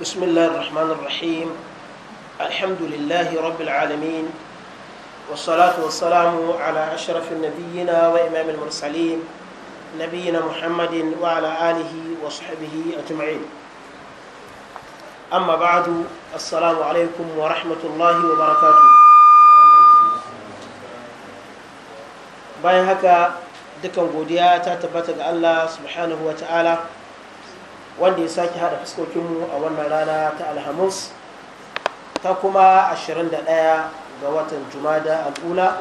بسم الله الرحمن الرحيم الحمد لله رب العالمين والصلاة والسلام على أشرف النبيين وإمام المرسلين نبينا محمد وعلى آله وصحبه أجمعين أما بعد السلام عليكم ورحمة الله وبركاته bayan haka دكان godiya ta الله سبحانه وتعالى wanda ya sake hada fuskokinmu a wannan rana ta alhamis ta kuma 21 ga watan jumada al'ula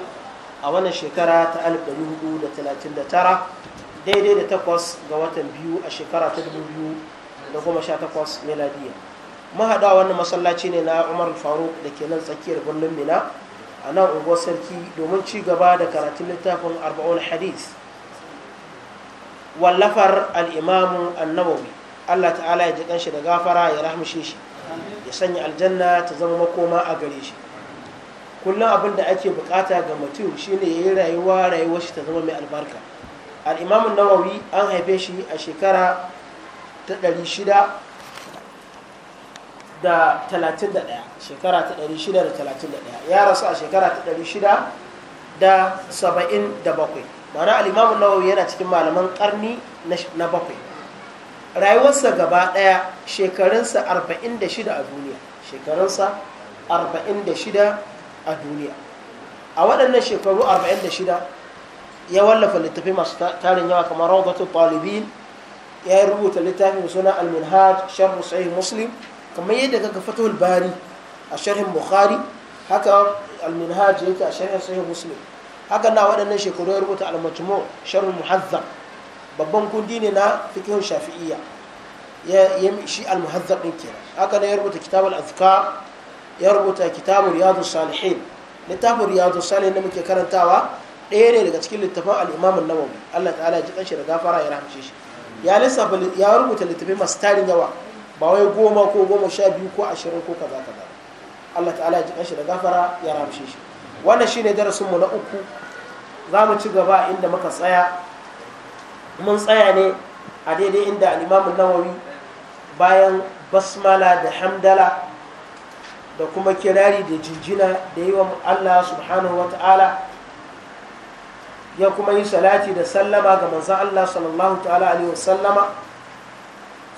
a wannan shekara ta 1439 daidai da takwas ga watan biyu a shekara ta 2018 meladiya mahaɗa wannan masallaci ne na umar faruk da ke nan tsakiyar birnin mina a nan unguwar sarki domin ci gaba da karatun littafin arba'un hadith wallafar al'imamun annabawi Allah ta'ala ya ji ɗanshi da gafara ya rahmishe shi ya sanya aljanna ta zama makoma a gare shi kullum abin da ake bukata ga mutum shine ya yi rayuwa rayuwar shi ta zama mai albarka al'imamun nawawi an haife shi a shekara ta ɗari shida da da talatin ɗaya shekara ta ɗari shida da da talatin ɗaya ya rasu a shekara ta ɗari shida da da saba'in bakwai ma'ana al'imamun nawawi yana cikin malaman ƙarni na bakwai rayuwarsa gaba ɗaya shekarunsa 46 a duniya shekarunsa 46 a duniya a waɗannan shekaru 46 ya wallafa littafi masu tarin yawa kamar rawdatul talibin ya rubuta littafin suna al-minhaj sharh sahih muslim kamar yadda kaga fatul bari a sharhin bukhari haka al-minhaj yake a sharhin sahih muslim haka na waɗannan shekaru ya rubuta al-majmu' sharh muhazzam babban kundi ne na fikihun shafi'iyya ya shi almuhazzar ɗin din haka ne ya rubuta kitab al ya rubuta kitab riyadu salihin littafin riyadu salihin da muke karantawa ɗaya ne daga cikin littafin al-imam nawawi Allah ta'ala ya ji kanshi da gafara ya rahmace shi ya lissafa ya rubuta littafin masu tarin yawa ba wai goma ko goma sha biyu ko ashirin ko kaza kaza Allah ta'ala ya ji kanshi da gafara ya rahmace shi wannan shine darasin mu na uku za mu ci gaba inda muka tsaya mun tsaya ne a daidai inda al'imamu nawawi bayan basmala da hamdala da kuma kirari da jinjina da yi wa allah subhanahu wa ta'ala ya kuma yi salati da sallama ga manzan allah sallallahu ta'ala alaihi sallama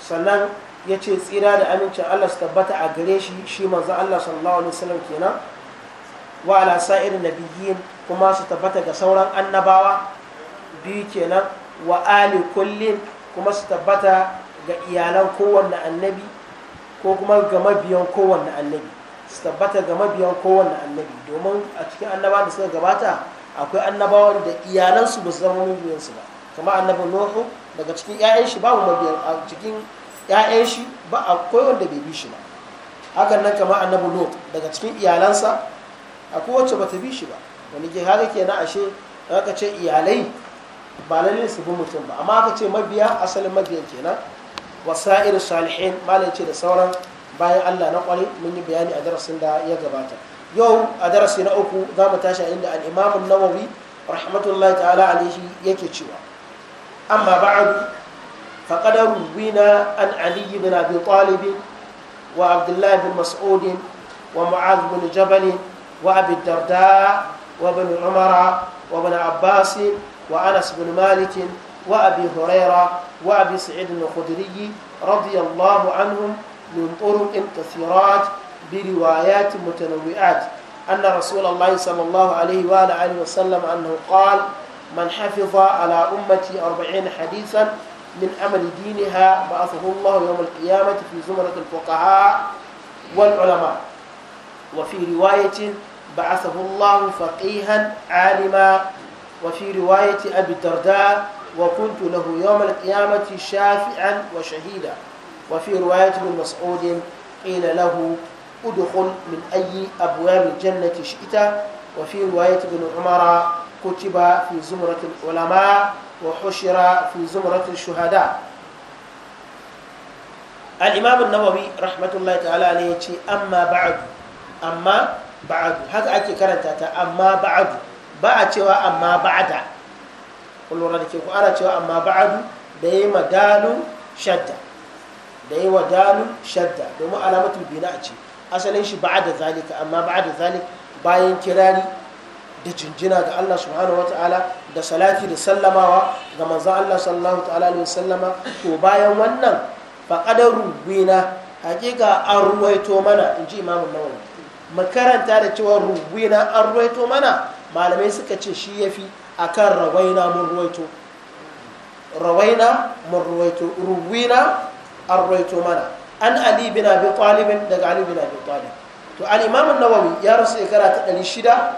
sannan ya ce tsira da amincin allah su tabbata a gare shi shi manzan allah sallallahu alaihi kenan wa ala sa'irin nabiyyin kuma su tabbata ga sauran annabawa biyu kenan wa ali kullin kuma su tabbata ga iyalan kowanne annabi ko kuma ga mabiyan kowanne annabi su tabbata ga mabiyan kowanne annabi domin a cikin annaba da suka gabata akwai annabawa da iyalansu ba su zama mabiyansu ba kamar annabi nuhu daga cikin 'ya'yan shi babu mabiyan a cikin 'ya'yan shi ba akwai wanda bai bi shi ba hakan nan kamar annabi lot daga cikin iyalansa akwai wacce bata bi shi ba wani ke haka kenan ashe haka ce iyalai ba lallai su bi mutum ba amma aka ce mabiya asalin mabiya kenan wasa'ir salihin malam ce da sauran bayan Allah na kwari mun yi bayani a darasin da ya gabata yau a darasi na uku za mu tashi inda al-Imam an-Nawawi rahmatullahi ta'ala alaihi yake cewa amma ba'd faqad ruwina an Ali ibn Abi Talib wa Abdullah ibn Mas'ud wa Mu'adh ibn Jabal wa Abi Darda wa ibn Umar wa ibn Abbas وأنس بن مالك وأبي هريرة وأبي سعيد الخدري رضي الله عنهم من طرق كثيرات بروايات متنوعات أن رسول الله صلى الله عليه وآله وسلم أنه قال من حفظ على أمتي أربعين حديثا من أمل دينها بعثه الله يوم القيامة في زمرة الفقهاء والعلماء وفي رواية بعثه الله فقيها عالما وفي رواية أبي الدرداء وكنت له يوم القيامة شافعا وشهيدا وفي رواية ابن مسعود قيل له ادخل من أي أبواب الجنة شئت وفي رواية ابن عمر كتب في زمرة العلماء وحشر في زمرة الشهداء الإمام النووي رحمة الله تعالى عليه أما بعد أما بعد هذا أكي كرنتا أما بعد ba a cewa amma ba'da kullura da ke ku ana cewa amma ba'adu da yi ma dalun shadda da yi wa dalun shadda domin alamatul bina a ce asalin shi ba'da zalika amma da zalik bayan kirari da jinjina ga Allah subhanahu wataala da salati da sallamawa ga manzon Allah sallallahu ta'ala alaihi sallama to bayan wannan fa qadaru bina hakika an ruwaito mana in ji nawawi makaranta da cewa rubina an ruwaito mana malamai suka ce shi ya fi a kan rawaina mun ruwaito rawaina mun ruwaito ruwina an ruwaito mana an ali bin abi talibin daga ali bin abi talib to an imam nawawi ya rasu shekara ta ɗari shida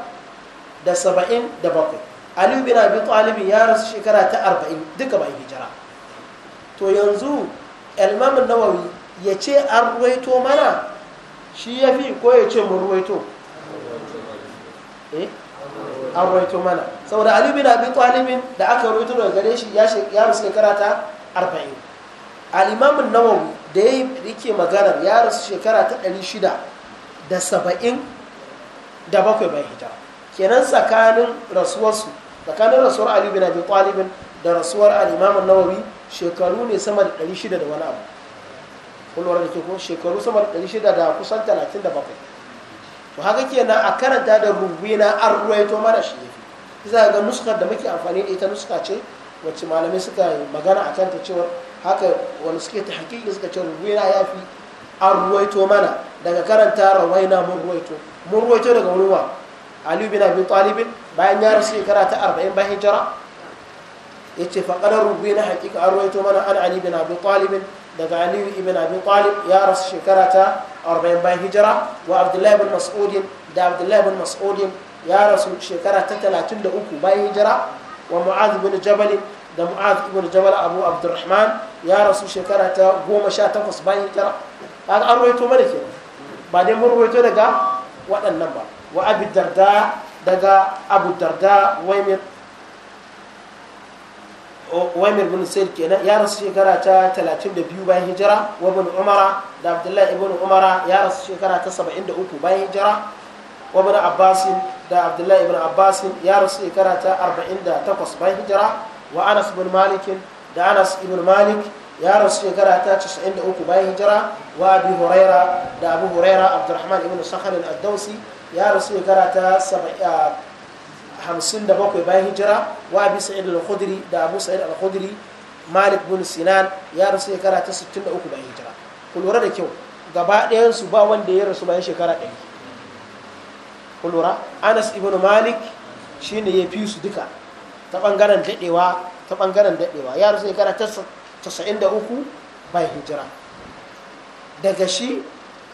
da saba'in da bakwai ali bin abi talibin ya rasu shekara ta arba'in duka bai hijira to yanzu al nawawi ya ce an ruwaito mana shi ya fi ko ya ce mun ruwaito eh an roito mana saboda alibi na bi talibin da aka roito daga gare shi ya rasu shekara ta arba'in al'imamin nawawi da ya rike maganar ya rasu shekara ta ɗari shida da saba'in da bakwai bai hita kenan tsakanin su tsakanin rasuwar alibi na bi talibin da rasuwar al'imamin nawawi shekaru ne sama da ɗari shida da wani abu kullum da ke shekaru sama da ɗari shida da kusan talatin da bakwai to haka kenan a karanta da rubina an ruwaito mana shi yafi za ga nuskar da muke amfani da ita nuska ce wacce malamai suka magana a kanta cewa haka wani suke ta hakiki suka ce rubina ya fi an ruwaito mana daga karanta rawaina mun ruwaito mun ruwaito daga wani wa aliyu bin abi talibin bayan ya rasu shekara ta arba'in bayan hijira yace fa qadar rubina haƙiƙa an ruwaito mana an ali bin abi talibin daga aliyu ibn abi talib ya rasu shekara ta 40 bayan hijira wa abdullahi ibn mas'ud da abdullahi ibn mas'ud ya rasu shekara ta 33 bayan hijira wa mu'adh ibn jabal da mu'adh ibn jabal abu abdurrahman ya rasu shekara ta 18 bayan hijira kaga an ruwaito mana ke ba dai mun ruwaito daga waɗannan ba wa abi darda daga abu darda waimir uwaimir bin sayyid kenan ya rasu shekara ta 32 bayan hijira wa bin umara da abdullahi ibn umara ya rasu shekara ta 73 bayan hijira wa bin da abdullahi ibn abbasin ya rasu shekara ta 48 bayan hijira wa anas bin malik da anas ibn malik ya rasu shekara ta 93 bayan hijira wa abu huraira da abu huraira abdurrahman ibn sakhar al-addausi ya rasu shekara ta hamsin da bakwai bayan hijira wa abi sa'id al-khudri da abu sa'id al-khudri malik bin sinan ya rasu shekara ta 63 bayan hijira ku lura da kyau gaba ɗayan su ba wanda ya rasu bayan shekara 100 ku lura anas ibn malik shine ya fi su duka ta bangaren dadewa ta bangaren dadewa ya rasu shekara ta 93 bayan hijira daga shi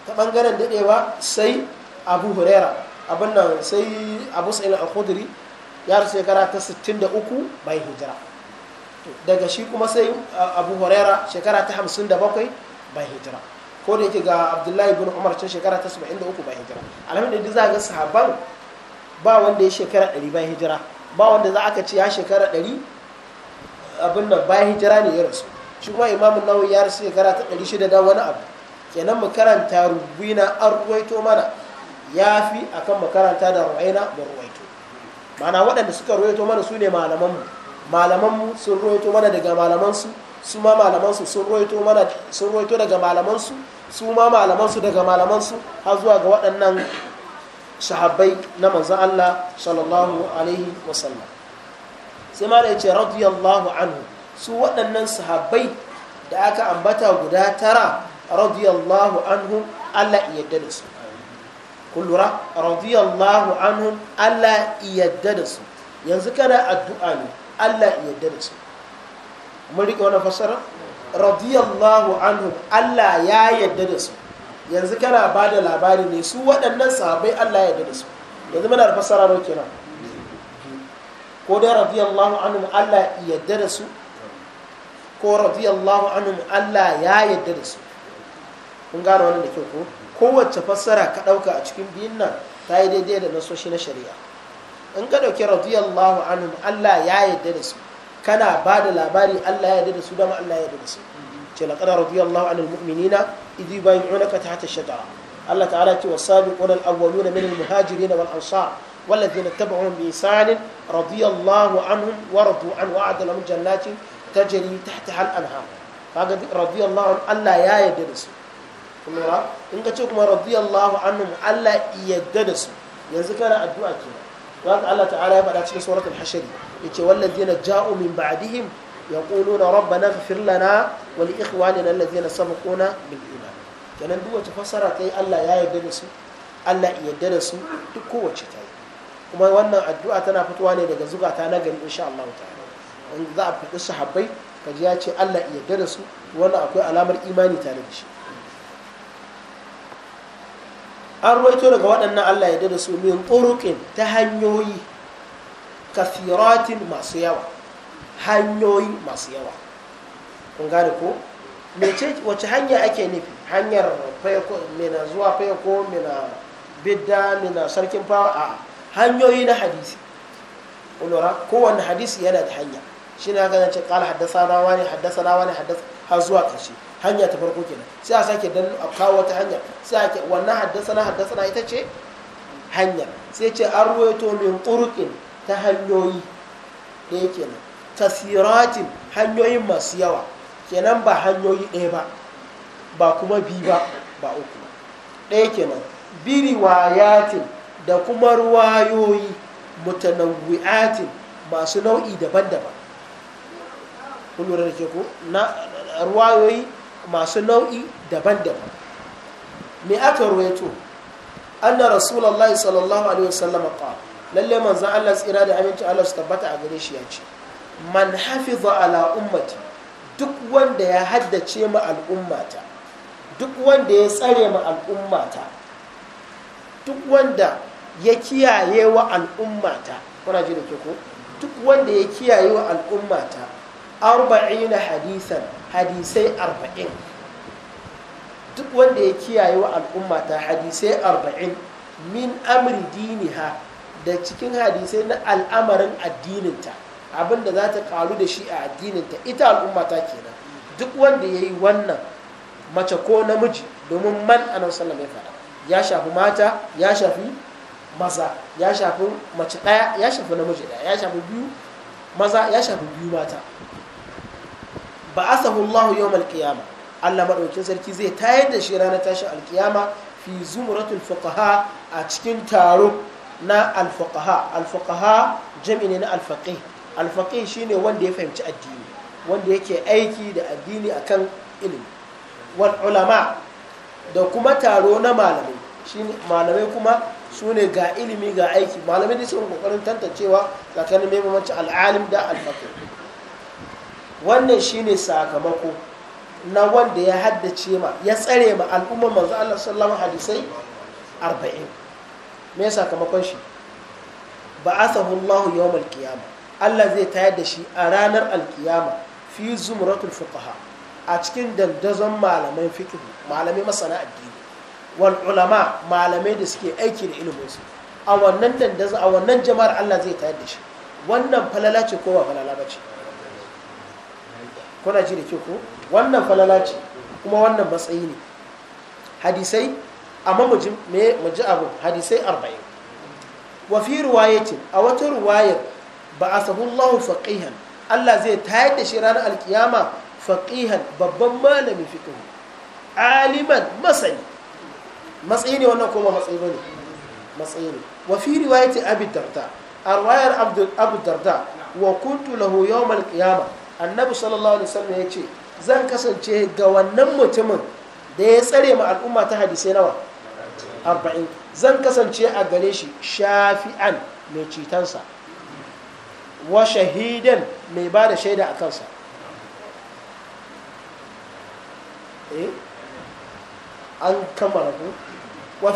ta bangaren dadewa sai abu huraira abin nan sai abu sa'id al-khudri ya rasu shekara ta 63 bai hijira daga shi kuma sai abu horera shekara ta 57 bai hijira ko da yake ga abdullahi bin umar can shekara ta 73 bai hijira alhamdulillah za ga sahaban ba wanda ya shekara 100 bai hijira ba wanda za aka ce ya shekara 100 abin da bai hijira ne ya rasu shi kuma imamu nawawi ya rasu shekara ta 600 da wani abu kenan mu karanta rubina an ruwaito mana ya fi akan makaranta da ruwaina da ruwaito mana waɗanda suka royato mana su ne malamanmu malamanmu sun royato mana daga malamansu su ma malamansu sun royato mana sun royato daga malamansu su ma malamansu daga malamansu har zuwa ga waɗannan shahabbai na manzon Allah sallallahu alaihi wasallam sai ma da ya ce radiyallahu anhu su waɗannan sahabbai da aka ambata guda tara radiyallahu anhu Allah ya yarda da su kun lura radiyallahu anhum Allah yadda da su yanzu kana addu'a ne Allah yadda da su mun rike wannan fassara radiyallahu anhum Allah ya yadda da su yanzu kana ba da labari ne su waɗannan sahabbai Allah ya yadda da su yanzu muna da fassara ne kenan ko dai radiyallahu anhum Allah yadda da su ko radiyallahu anhum Allah ya yadda da su kun gane wannan da kyau ko kowace fassara ka ɗauka a cikin biyun nan ta yi daidai da nasoshi na shari'a in ka ɗauki radiyallahu anhu Allah ya yarda da su kana ba da labari Allah ya yarda da su dama Allah ya yarda da su ce laqad radiyallahu anil mu'minina idh yubayyi'unaka tahta ash-shajara Allah ta'ala ce was-sabiquna al-awwaluna min al-muhajirin wal-ansar والذين اتبعوهم بإحسان رضي الله عنهم ورضوا عنه وأعد لهم جنات تجري تحتها الأنهار فقد رضي Allah ya ألا da su. kun in ka ce kuma radiyallahu anhum Allah yadda da su yanzu kana addu'a kenan wanda Allah ta'ala ya faɗa cikin suratul hashri yace wallazina ja'u min ba'dihim yaquluna rabbana ighfir lana wa li ikhwanina allazina sabaquna bil iman kenan duk wacce fasara ta Allah ya yarda da su Allah ya yarda da su duk kowace ta yi kuma wannan addu'a tana fitowa ne daga zukata na gari insha Allah ta'ala in za a faɗi sahabbai kaji ya ce Allah ya yarda da su wannan akwai alamar imani tare da shi an ruwaito daga waɗannan Allah ya da su min ƙurukin ta hanyoyi kafiratin masu yawa hanyoyi masu yawa kun gane ko wace hanya ake nufi hanyar mina zuwa fayako mina bidda mina sarkin fawa a hanyoyi na hadisi ulura kowane hadisi yana da hanya shi ne ga zance kala haddasa rawa ne haddasa rawa ne haddasa har zuwa ƙarshe hanya ta farko kenan sai a sake dan a kawo wata hanya sai ake wannan haddasa haddasa ita ce hanya sai ce an ruwaito min ƙurƙin ta hanyoyi ɗaya kenan tasiratin hanyoyin masu yawa kenan ba hanyoyi ɗaya ba ba kuma bi ba ba uku ɗaya kenan biriwayatin da kuma ruwayoyi mutanawwi'atin masu nau'i daban-daban kun da ke ko na ruwayoyi masu nau'i daban-daban me aka ruwaito anna rasulullahi sallallahu alaihi wasallam qala lalle manzon Allah tsira da aminci Allah su tabbata a gare shi ya ce man hafiza ala ummati duk wanda ya haddace ma al'ummata duk wanda ya tsare ma al'ummata duk wanda ya kiyaye wa al'ummata kuna ji da ke ko duk wanda ya kiyaye wa al'ummata arba'ina hadisan hadisai arba'in duk wanda ya kiyaye wa al'umma ta hadisai arba'in min amri diniha da cikin hadisai na al'amarin addininta abinda za ta karu da shi a addininta ita al'umma ta kenan duk wanda ya yi wannan mace ko namiji domin man anan sallam ya faɗa ya shafi mata ya shafi maza ya shafi mace daya ya shafi namiji daya ya shafi biyu maza ya shafi biyu mata ba asahu Allahu yau malkiyama Allah madaukin sarki zai tayar da shi ranar tashin alkiyama fi zumratul fuqaha a cikin taro na alfuqaha alfuqaha ne na alfaqih alfaqih shine wanda ya fahimci addini wanda yake aiki da addini akan ilimi wal ulama da kuma taro na malamai malamai kuma su ne ga ilimi ga aiki malamai ne sun kokarin tantancewa tsakanin mai al'alim da alfaqih wannan shine sakamako na wanda ya haddace ma ya tsare ma al'ummar manzo Allah sallallahu hadisai 40 me sakamakon shi ba'athahu Allah yawm al-qiyamah Allah zai tayar da shi a ranar alkiyama fi zumratul fuqaha a cikin dandazon malaman fiqh malamai masana addini wal ulama malamai da suke aiki da ilimin su a wannan dandazon a wannan jama'ar Allah zai tayar da shi wannan falala ce ko ba falala ba ce kuna ji da ke ko wannan falala ce kuma wannan matsayi ne hadisai amma mu ji abu hadisai arba'in wa fi riwayatin a wata riwayar ba a sahullahu faqihan Allah zai tayar da shi ranar alkiyama faqihan babban malamin fiqh aliman masani matsayi ne wannan kuma matsayi bane matsayi ne wa fi riwayati abi darda a riwayar abu darda wa kuntu lahu yawm alqiyamah annabi sallallahu alaihi wasallam ya ce zan kasance ga wannan mutumin da ya tsare ma al'umma ta hadisai nawa arba'in zan kasance a gare shi shafi'an mai citansa wa shahidan mai ba da shaida a kansa eh? an kammala ku wa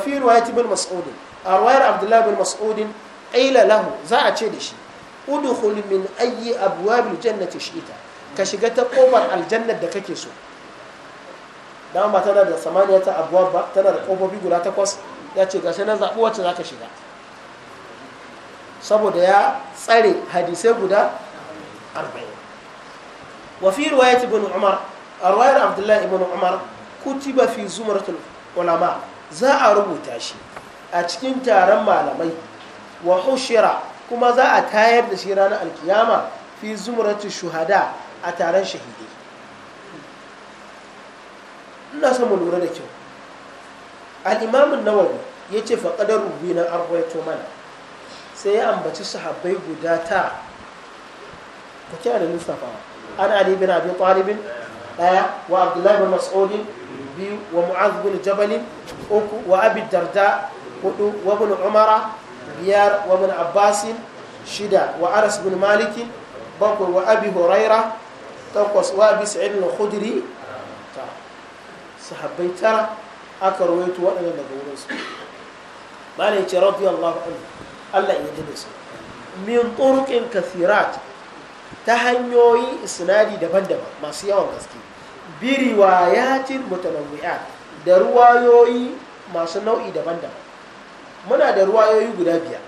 fi riwayati bin mas'udin a riwayar abdullahi bin mas'udin ƙila lahu za a ce da shi udkhul min ayyi abwabil jannati shi'ita ka shiga ta kofar aljannar da kake so dama ba tana da samaniya ta abwab ba tana da kofofi guda takwas ya ce gashi nan zaɓi wacce ka shiga saboda ya tsare hadisai guda arba'in wa fi ibn umar a riwayar abdullahi ibn umar kutiba fi zumratul ulama za a rubuta shi a cikin taron malamai wa hushira kuma za a tayar da shi ranar alkiyama fi zumuratu shuhada a taron shahidai ina son mu lura da kyau al'imamun nawawi ya ce faƙadar rubi na arwaito mana sai ya ambaci sahabbai guda ta ku kira da lissafawa an ali bin abi talibin wa abdullahi bin mas'udin biyu wa mu'az bin jabalin uku wa abi darda hudu wa bin umara biyar wa min abbasin shida wa aras bin malikin bakwai wa abi huraira takwas wa bi sa'id al khudri ta sahabbai tara aka rawaito waɗanda daga wurin su malai ce Allah ya dade su min turuqin kathirat ta hanyoyi sinadi daban-daban masu yawan gaske bi riwayatin da ruwayoyi masu nau'i daban-daban muna da ruwayoyi guda biyar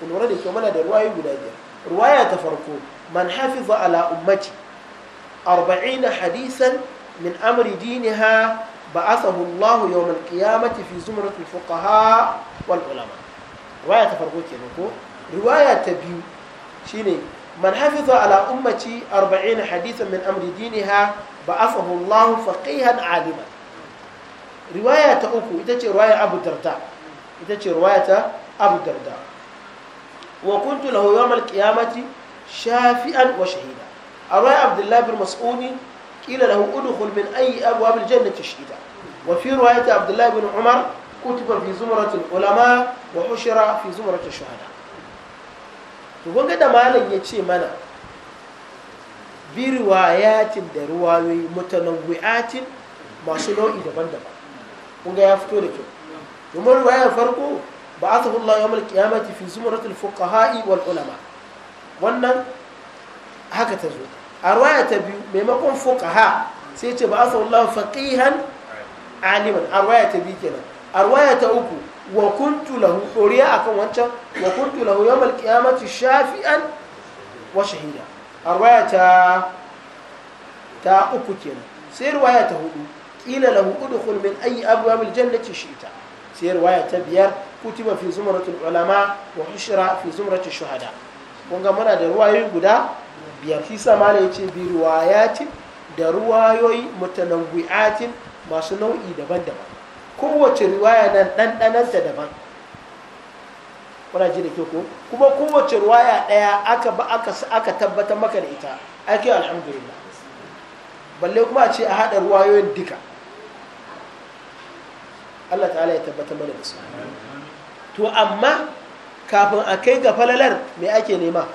kulura da ke muna da ruwayoyi guda biyar ruwaya farko man hafiza ala ummati arba'in hadisan min amri diniha ba asahu allahu yawm alqiyamati fi zumratil fuqaha wal ulama ruwaya farko ke ko ruwaya ta biyu shine man hafiza ala ummati arba'in hadisan min amri diniha ba asahu allahu faqihan alima ruwaya ta uku ita ce ruwaya abu tarta' ita ce ruwayata abu darda wa kuntu lahu yawm al qiyamati shafi'an wa shahida a Abdullah bin mas'udi qila lahu udkhul min ayi abwab al jannati shahida wa fi ruwayati Abdullah bin umar kutiba fi zumrat al ulama wa ushira fi zumrat ash shuhada to gonga da malam ya ce mana bi riwayatin da ruwayoyi mutanawwi'atin masu nau'i daban-daban kun ga ya fito da kyau ثم الرواية فرقوا بعثه الله يوم القيامة في زمرة الفقهاء والعلماء وانا هكا تزود الرواية تبيو بمقوم فقهاء سيتي بعثه الله فقيها عالما الرواية تبيو كنا الرواية تأوكو وكنت له أريا أكوانتا وكنت له يوم القيامة شافئا وشهيدا الرواية تأوكو كنا سير رواية تهدو قيل له ادخل من أي أبواب الجنة شئتا sai riwaya ta biyar kutiba fi zumratul ulama wa hushra fi zumratul shuhada kun ga muna da ruwayoyi guda biyar shi sa mala yace bi riwayatin da ruwayoyi mutanawwi'atin masu nau'i daban-daban kowace riwaya nan ta daban kuna ji da ko kuma kowace ruwaya ɗaya aka ba aka aka tabbatar maka da ita ake alhamdulillah balle kuma a ce a haɗa ruwayoyin duka Allah ta'ala ya tabbatar mana da su to amma kafin a kai ga falalar me ake nema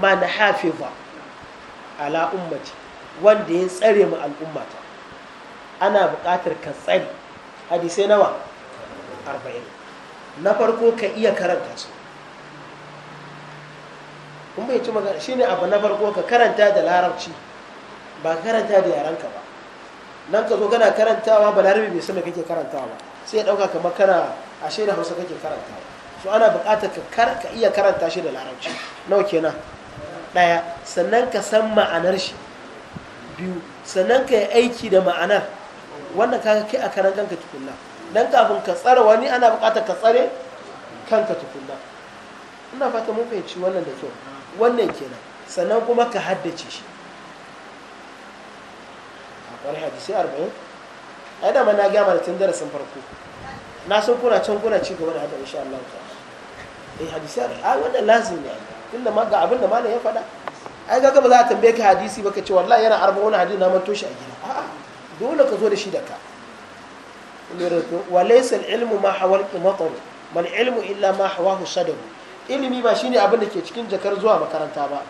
man hafiza ala ummati wanda ya tsare mu al'ummata ana buƙatar ka tsare hadisai nawa arba'in na farko ka iya karanta su kun bai ci magana shine abu na farko ka karanta da larabci ba karanta da yaranka ba nan ka zo kana karantawa balarabe bai san kake karantawa ba sai ya dauka kamar kana ashe da hausa kake karantawa so ana buƙatar ka ka iya karanta shi da larabci nawa kenan daya sannan ka san ma'anar shi biyu sannan ka yi aiki da ma'anar wannan ka kai a karan kanka tukunna dan kafin ka tsare wani ana buƙatar ka tsare kanka tukunna ina fata mun fahimci wannan da kyau wannan kenan sannan kuma ka haddace shi wani hadisi arba'in ai dama na gama da tun darasin farko na san kuna can kuna ci gaba da haka insha Allah ta eh hadisi arba'in ai wannan lazim ne tunda ma ga abin da malam ya faɗa ai ga ba za a tambaye ka hadisi ba ka ce wallahi yana arba'un hadisi na manto shi a gida a'a dole ka zo da shi da ka wa laysa al-ilmu ma hawal qimatar mal ilmu illa ma hawahu sadr ilimi ba shine abin da ke cikin jakar zuwa makaranta ba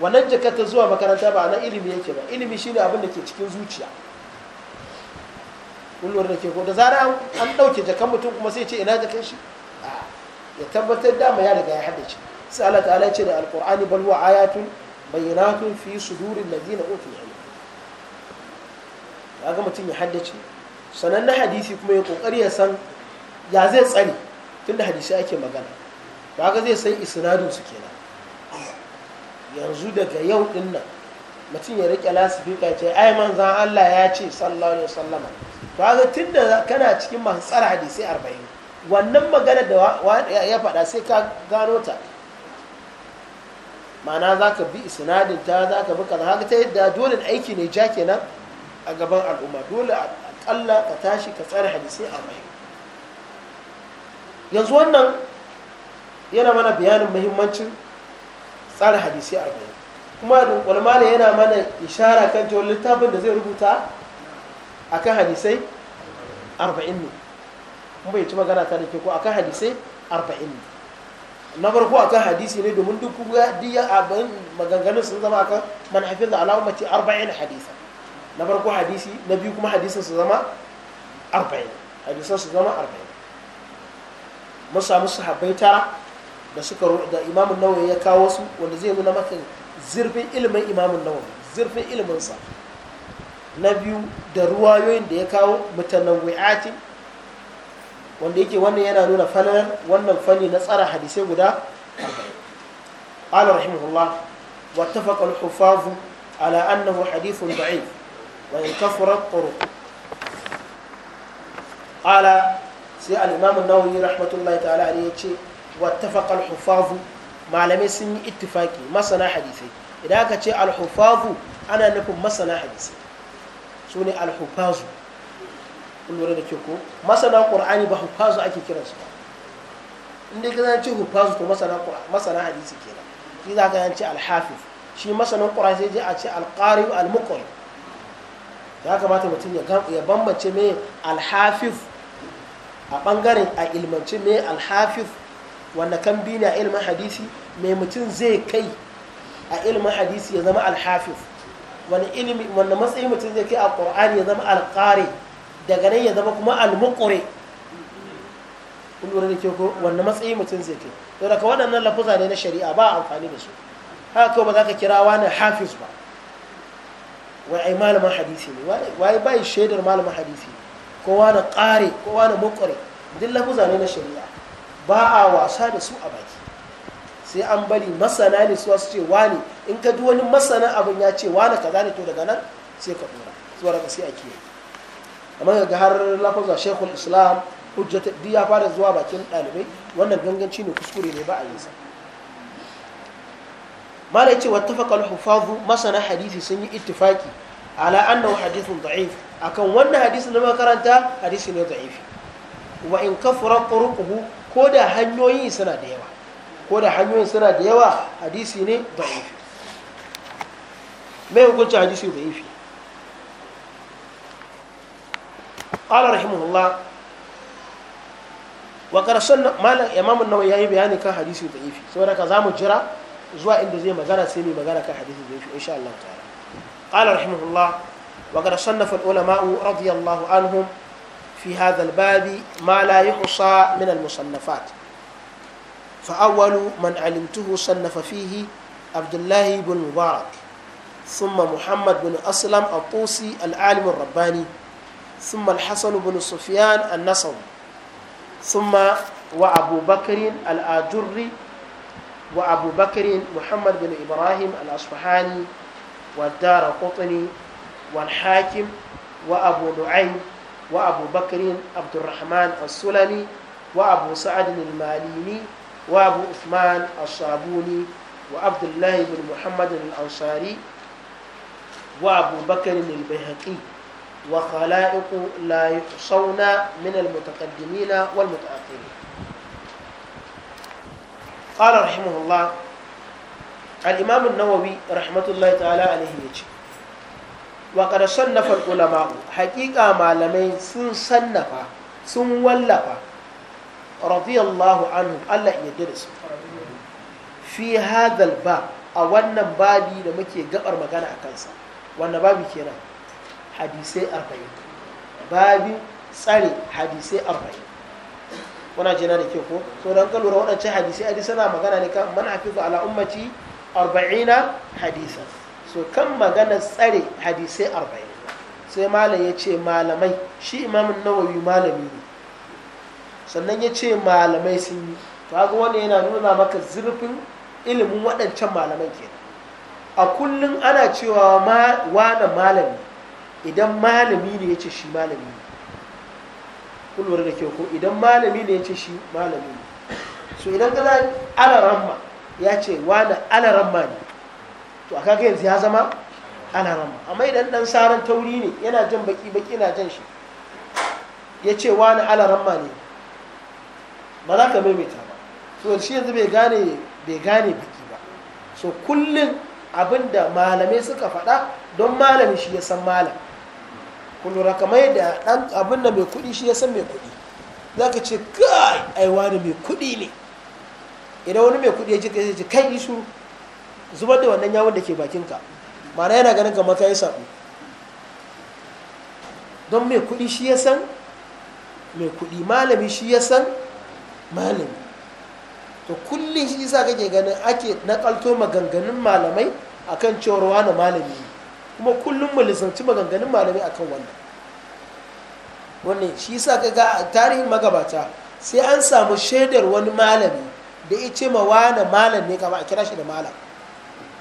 wannan jaka ta zuwa makaranta ba nan ilimi yake ba ilimi shi abin da ke cikin zuciya kullum da ke ko da an ɗauke jakan mutum kuma sai ce ina jakan shi ya tabbatar dama ya daga ya haddace sai Allah ta'ala ce da alqur'ani balwa ayatun bayyinatun fi sudurin ladina utul ya ga mutum ya haddace sanan na hadisi kuma ya kokari ya san ya zai tsare tunda hadisi ake magana ba kaga zai san isnadin su kenan yanzu daga yau din nan mutum ya rike lasifika ce ai manzan Allah ya ce sallallahu alaihi wasallam to ga tunda kana cikin masu tsara hadisi 40 wannan magana da ya faɗa sai ka gano ta ma'ana za ka bi isnadin ta za ka bi kaza haka ta yadda dole aiki ne ja kenan a gaban al'umma dole a kalla ka tashi ka tsara hadisi arba'in yanzu wannan yana mana bayanin muhimmancin tsara hadisi arba'in kuma walmala yana mana ishara kan cewa littafin da zai rubuta kan hadisai arba'in ne kuma bai ci magana ta da ke ko kan hadisai arba'in ne na farko kan hadisi ne domin duk kuma diya abin maganganun sun zama akan man da ala ummati 40 hadisa na farko hadisi na biyu kuma hadisin su zama 40 hadisan su zama 40 mun samu sahabbai tara da suka da imamun nawawi ya kawo su wanda zai nuna maka zurfin ilimin imamun nawawi zurfin iliminsa na biyu da ruwayoyin da ya kawo mutanawwi'atin wanda yake wannan yana nuna falalar wannan fani na tsara hadisai guda قال رحمه الله واتفق الحفاظ على أنه حديث ضعيف وإن كثرت طرق قال سي الإمام النووي رحمة الله تعالى عليه wattafaqa al-hufazu malamai sun yi ittifaki masana hadisai idan aka ce al-hufazu ana nufin masana hadisai su ne al masana qur'ani ba hufazu ake kiransu ba inda ka zance hufazu to masana masana hadisi kenan shi za ka shi ce ya kamata mutum ya bambance me alhafif a bangaren a ilmance me alhafif. wanda kan bi ne a ilmin hadisi mai mutum zai kai a ilmin hadisi ya zama alhafiz wanda matsayi mutum zai kai a ƙur'ani ya zama alƙare daga nan ya zama kuma almuƙure kun lura da ke ko wanda matsayi mutum zai kai to daga waɗannan lafuza ne na shari'a ba a amfani da su haka kawai ba za ka kira wani hafiz ba wai ai malamin hadisi ne wai bai shaidar malamin hadisi ko na ƙare ko wani muƙure duk lafuza ne na shari'a ba a wasa da su a baki sai an bari masana ne su ce wani in ka ji wani masana abin ya ce wani ka ne to daga nan sai ka dora zuwa daga sai a kiyaye amma ga har lafazin shekul islam hujjata duk ya fara zuwa bakin ɗalibai wannan ganganci ne kuskure ne ba a yin sa mala yace wattafaqa fakal hufazu masana hadisi sun yi ittifaki ala annahu hadithun da'if akan wannan hadisi na makaranta hadisi ne za'ifi wa in kafara turuquhu ko da hanyoyi suna da yawa ko da hanyoyin suna da yawa hadisi ne da'ifi mai hukunci hadisi da'ifi ala rahimahullah wa karsan malam imam an yayi bayani kan hadisi saboda ka zamu jira zuwa inda zai magana sai mai magana kan hadisi da'ifi insha Allah ta'ala qala rahimahullah wa qad sanafa al-ulama radiyallahu anhum في هذا الباب ما لا يحصى من المصنفات فأول من علمته صنف فيه عبد الله بن مبارك ثم محمد بن أسلم الطوسي العالم الرباني ثم الحسن بن سفيان النصر ثم وأبو بكر الآجري وأبو بكر محمد بن إبراهيم الأصفهاني والدار قطني والحاكم وأبو نعيم وأبو بكر عبد الرحمن السلمي وأبو سعد الماليني وأبو عثمان الصابوني وعبد الله بن محمد الأنصاري وأبو بكر البيهقي وخلائق لا يحصون من المتقدمين والمتأخرين قال رحمه الله الإمام النووي رحمة الله تعالى عليه يجب wa ƙarshen na ulama haƙiƙa malamai sun sannafa sun wallafa radiyallahu anhu Allah ya dira su fi hadal ba a wannan babi da muke gabar magana a kansa wannan babi kenan hadisai arba'in babi tsare hadisai arba'in wana jina da ke ko so don ka lura waɗancan hadisai hadisai na magana ne kan man hafizu ala ummati arba'ina hadisan so kan magana tsare hadisai arba'in sai malam ya ce malamai shi imamun nawawi malami ne sannan ya ce malamai sun yi to haka wani yana nuna maka zurfin ilimin waɗancan malamai kenan a kullum ana cewa wane malami idan malami ne ya ce shi malami ne kulwar da kyau ko idan malami ne ya ce shi malami ne so idan ka za alaramma ya ce wane alaramma ne to a kaga yanzu ya zama ana rama amma idan dan saran tauri ne yana jan baki baki na jan shi ya ce wani ala ramma ne ba za ka maimaita ba so shi yanzu bai gane bai gane biki ba so kullum abinda malamai suka faɗa don malami shi ya san malam ku lura kamar yadda ɗan abin da mai kuɗi shi ya san mai kuɗi za ka ce kai aiwa da mai kuɗi ne idan wani mai kuɗi ya ji kai ce kai yi shuru zubar da wannan yawon da ke bakinka mana yana ganin ka ka yi saɓo don mai kuɗi shi ya san mai kuɗi malami shi ya san malami to kullum shi sa kake ganin ake nakalto maganganun malamai akan cewar na malami kuma kullum mu lissanci maganganun malamai akan wannan wannan shi sa ka ga tarihin magabata sai an samu shaidar wani malami da ya ce ma wani malam ne kama a kira shi da malam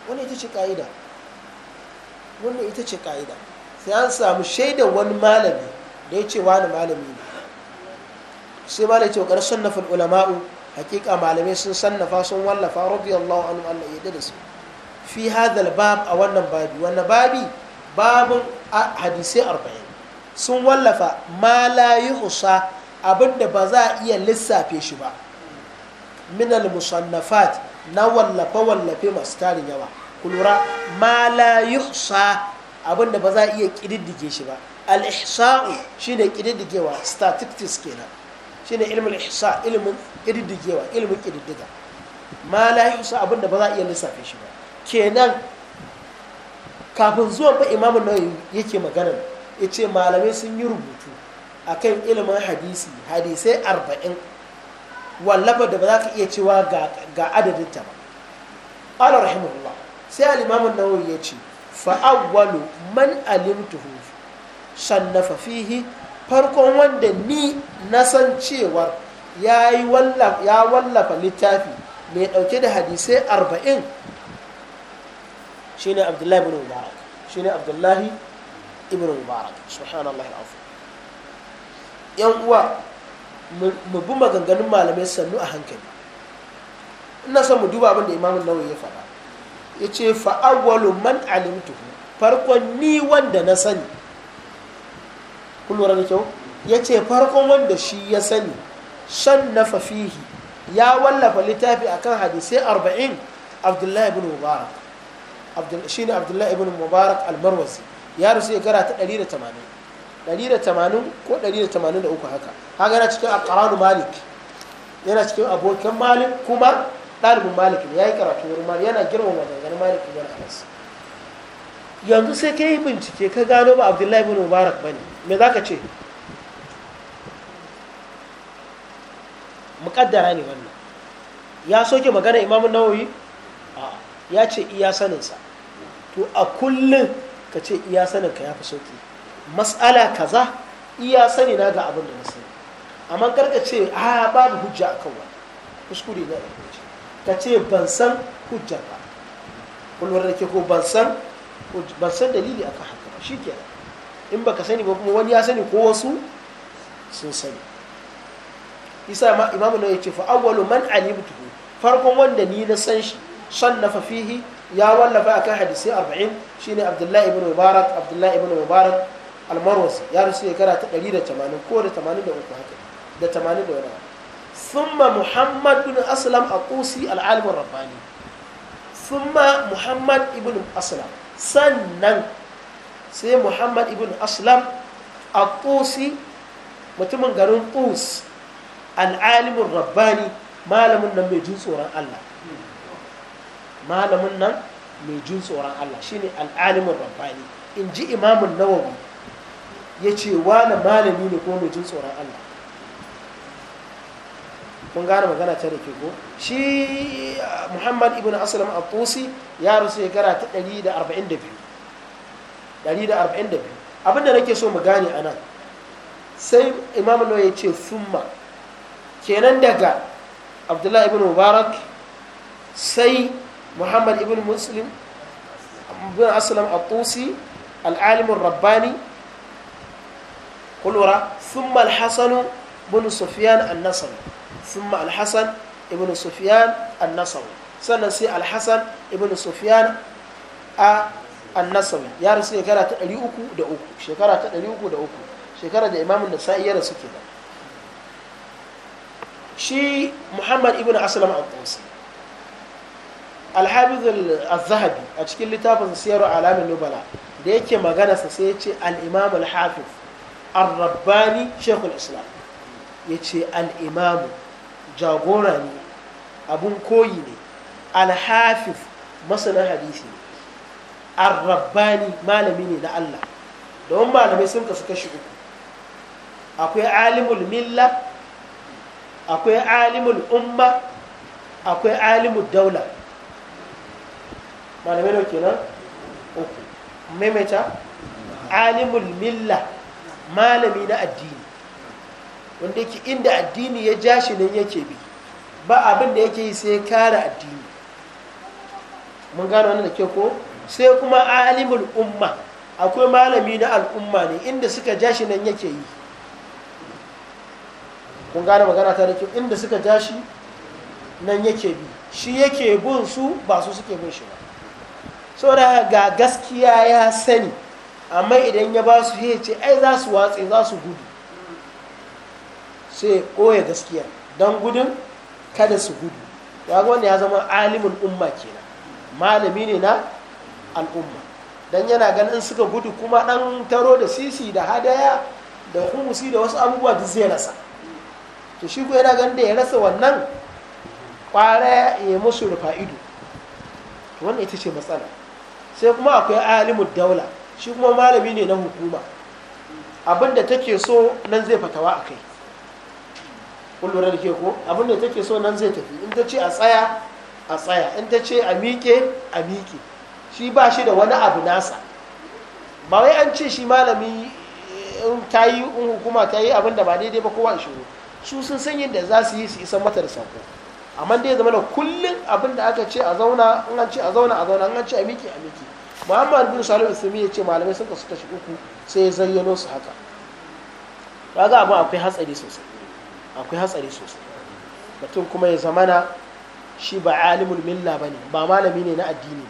wani ita ce ka'ida wannan ita ce ka'ida sai an samu shaidar wani malami da ya ce wani malami ne sai malai ce ƙarar sannafin ulama'u hakika malamai sun sannafa sun wallafa radiyallahu anhu Allah ya da su fi hadal bab a wannan babi wannan babi babin hadisai arba'in sun wallafa ma la yuhsa abinda ba za a iya lissafe shi ba minal musannafat na wallafe wallafe masu tarin yawa ku lura ma la yuhsa abinda ba za a iya kididdige shi ba al ihsa'u shine kididdigewa statistics kenan shine ilmin ihsa ilmin kididdigewa ilmin kididdiga ma la yuhsa abinda ba za a iya lissafe shi ba kenan kafin zuwa ba imamun nawawi yake magana ya ce malamai sun yi rubutu akan ilmin hadisi hadisai arba'in wallafa da ba za ka iya cewa ga ta ba ala rahimahullah sai alimamun imam nawawi ya ce fa awwalu man alimtuhu sannafa fihi farkon wanda ni na san cewar ya wallafa littafi mai dauke da hadisai arba'in shine abdullahi ibn mubarak shine abdullahi ibn mubarak subhanallahi al'afu yan uwa mu bi maganganun malamai sannu a hankali ina son mu duba abinda imamun nawa ya faɗa ya ce fa'awwalu man alimtuhu farkon ni wanda na sani kullum da kyau ya ce farkon wanda shi ya sani shan na fafihi ya wallafa littafi akan hadisai arba'in abdullahi ibn mubarak shi ne abdullahi ibn mubarak almarwazi ya rasu ya gara ta tamanin. 180 ko 183 haka haka yana cikin aqranu malik yana cikin abokin malik kuma ɗalibin malik ne ya yi karatu wurin malik yana girmama gangan malik ibn anas yanzu sai ka yi bincike ka gano ba abdullahi ibn mubarak ba ne me za ka ce muƙaddara ne wannan ya soke magana imamun nawawi ya ce iya saninsa to a kullum ka ce iya saninka ya fi soke mas'ala kaza iya sani na ga abin da na sani amma karka ce a babu hujja kan wani kuskure na ɗaukaci ka ce ban san hujja ba kulwar da ke ko ban san ban san dalili akan haka ba shi kenan in baka sani ba kuma wani ya sani ko wasu sun sani isa ma imamu na yace fa awwalu man alimtuhu farkon wanda ni na san shi sannafa fihi ya wallafa akan hadisi 40 shine abdullahi ibn mubarak abdullahi ibn mubarak almarwasi ya rasu shekara ta 180 ko da 83 haka da 80 da wani thumma muhammad bin aslam a kusi alim rabbani thumma muhammad ibn aslam sannan sai muhammad ibn aslam a kusi mutumin garin kus al'alimin rabani rabbani malamin nan mai jin tsoron Allah malamin nan mai jin tsoron Allah shine al'alimin rabani rabbani in ji imamun nawawi ya ce wane malami ne ko mai jin tsoron Allah kun gane magana ta da ke ko shi uh, muhammad ibn aslam al-tusi ya ya gara ta 142 abinda nake so mu gane a nan sai imam lo ya ce summa kenan daga abdullahi ibn mubarak sai muhammad ibn muslim ibn aslam al-tusi al'alimin rabbani kulura sun al-hasan ibn sufyan an-nasr thumma al-hasan ibn sufiyan an-nasr sannan sai alhassan ibn sufiyan a an ya rasu shekara ta 303 shekara ta uku shekara da imamun nasa'i ya suke da shi muhammad ibn aslam al-tawsi al-hafiz al-zahabi a cikin littafin siyar alamin nubala da yake magana sai ce al al-hafiz ar-rabbani shekul islam ya ce al'imamu jagora ne abun koyi ne alhafif masana hadisi ne ar-rabbani malami ne na Allah don malamai sun kasu kashi uku akwai alimul milla akwai alimul umma akwai alimul daula malamai da kenan uku maimaita alimul milla malami na addini wanda yake inda addini ya ja shi nan yake bi ba abin da yake yi sai ya kare addini mun gano wannan da ke ko sai kuma alimul umma akwai malami na al'umma ne inda suka ja shi nan yake yi kun gane magana ta dake inda suka ja shi nan yake bi shi yake bin su ba su suke bin shi ba saboda ga gaskiya ya sani amma idan ya ba su ya ce ai za su watse za su gudu sai koya gaskiya don gudun kada su gudu ya ga wanda ya zama alimin umma kenan malami ne na al'umma don yana ganin suka gudu kuma dan taro da sisi da hadaya da humusi da wasu abubuwa duk zai rasa to shi ko yana ganin da ya rasa wannan kwara ya musu rufa ido wannan ita ce matsala sai kuma akwai alimin daula shi kuma malami ne na hukuma abinda take so nan zai fatawa a kai kun da ke ko abinda take so nan zai tafi in ta ce a tsaya a tsaya in ta ce a miƙe a miƙe shi ba shi da wani abu nasa ba wai an ce shi malami in ta yi in hukuma ta yi abinda ba daidai ba kowa shiru su sun san yadda za su yi su isan mata da sako amma dai zama da kullum abinda aka ce a zauna in an ce a zauna a zauna in an ce a miƙe a miƙe muhammad bin salim uthumi ya ce malamai sun kasu tashi uku sai ya zayyano su haka ga abin akwai hatsari sosai akwai hatsari sosai mutum kuma ya zamana shi ba alimul milla ba ne ba malami ne na addini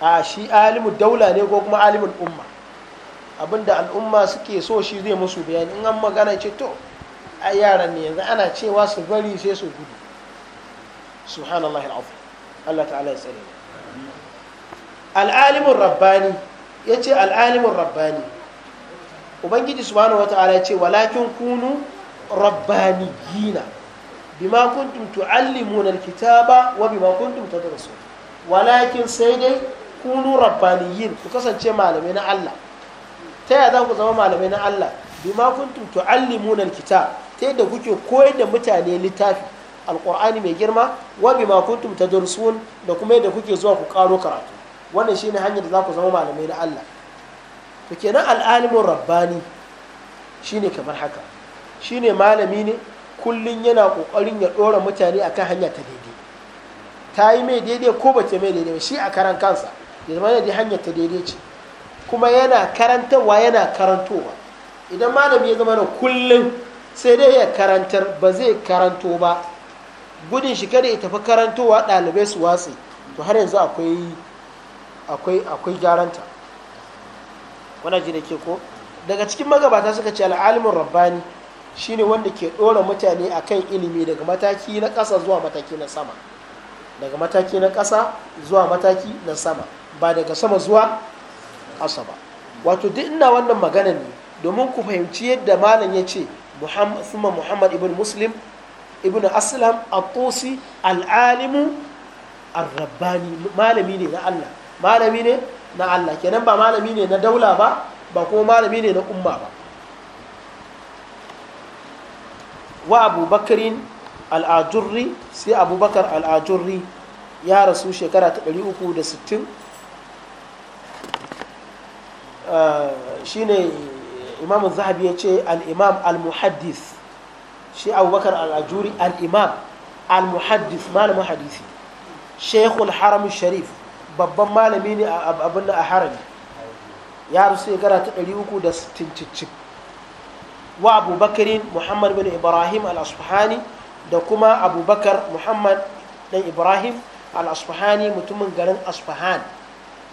ba a shi alimul daula ne ko kuma alimul umma abinda al'umma suke so shi zai musu bayani in an magana ce to a yaran ne yanzu ana cewa su bari sai su gudu subhanallah al'afu Allah ta'ala ya tsare al'alimin rabbani ya ce al'alimin rabbani ubangiji subhanahu wa ta'ala ya ce walakin kunu rabbaniyina bima kuntum tu'allimuna alkitaba wa bima kuntum tadrusun walakin sai dai kunu yin ku kasance malamai na Allah ta yaya za ku zama malamai na Allah bima kuntum tu'allimuna alkitab ta yadda kuke koyar da mutane littafi alƙurani mai girma wa bima kuntum tadrusun da kuma yadda kuke zuwa ku karo karatu wannan shine hanyar da za ku zama malamai na Allah to kenan al'alimin rabbani shine kamar haka shine malami ne kullum yana kokarin ya ɗora mutane akan hanya ta daidai ta yi mai daidai ko ba ta mai daidai shi a karan kansa ya zama da hanya ta daidai ce kuma yana karantarwa yana karantowa idan malami ya zama da kullum sai dai ya karantar ba zai karanto ba gudun shi kada ya tafi karantowa ɗalibai su watsi to har yanzu akwai akwai akwai gyaranta wana ji da ke ko daga cikin magabata suka ce al'alimin rabbani shine wanda ke ɗora mutane akan ilimi daga mataki na ƙasa zuwa mataki na sama daga mataki na ƙasa zuwa mataki na sama ba daga sama zuwa ƙasa ba wato duk ina wannan magana ne domin ku fahimci yadda malam ya ce suma muhammad ibn muslim ibn aslam at-tusi al-alimu rabbani malami ne na Allah malami ne na Allah kenan ba malami ne na daula ba ba kuma malami ne na umma ba wa abubakarin al'ajurri sai abubakar al'ajurri ya rasu shekara ta 360 ah, shine imam zahabi ya ce al'imam al-muhaddis shi abubakar al'ajurri al'imam al-muhaddis malamin hadisi shekul haram sharif babban malami ne abin da a harami ya rasu shekara ta da 360 wa abubakarin muhammad bin ibrahim al-asfahani da kuma abubakar muhammad dan ibrahim al-asfahani mutumin garin asfahan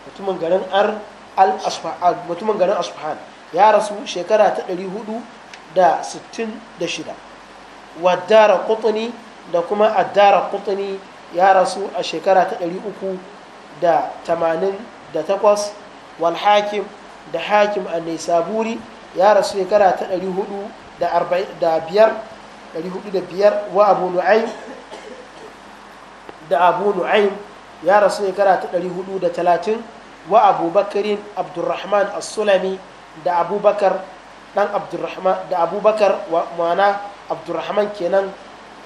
mutumin garin ar al-asfahan mutumin garin asfahan ya rasu shekara ta 466 wa dara qutni da kuma addara qutni ya rasu a shekara ta 300 da tamanin da takwas wal da hakim a nisaburi ya rasu shekara ta ɗari hudu da biyar ɗari hudu da biyar wa abu nu'aim da abu nu'aim ya rasu shekara ta ɗari hudu da talatin wa abubakarin abdurrahman as-sulami da abubakar dan abdurrahman da abubakar wa mana abdurrahman kenan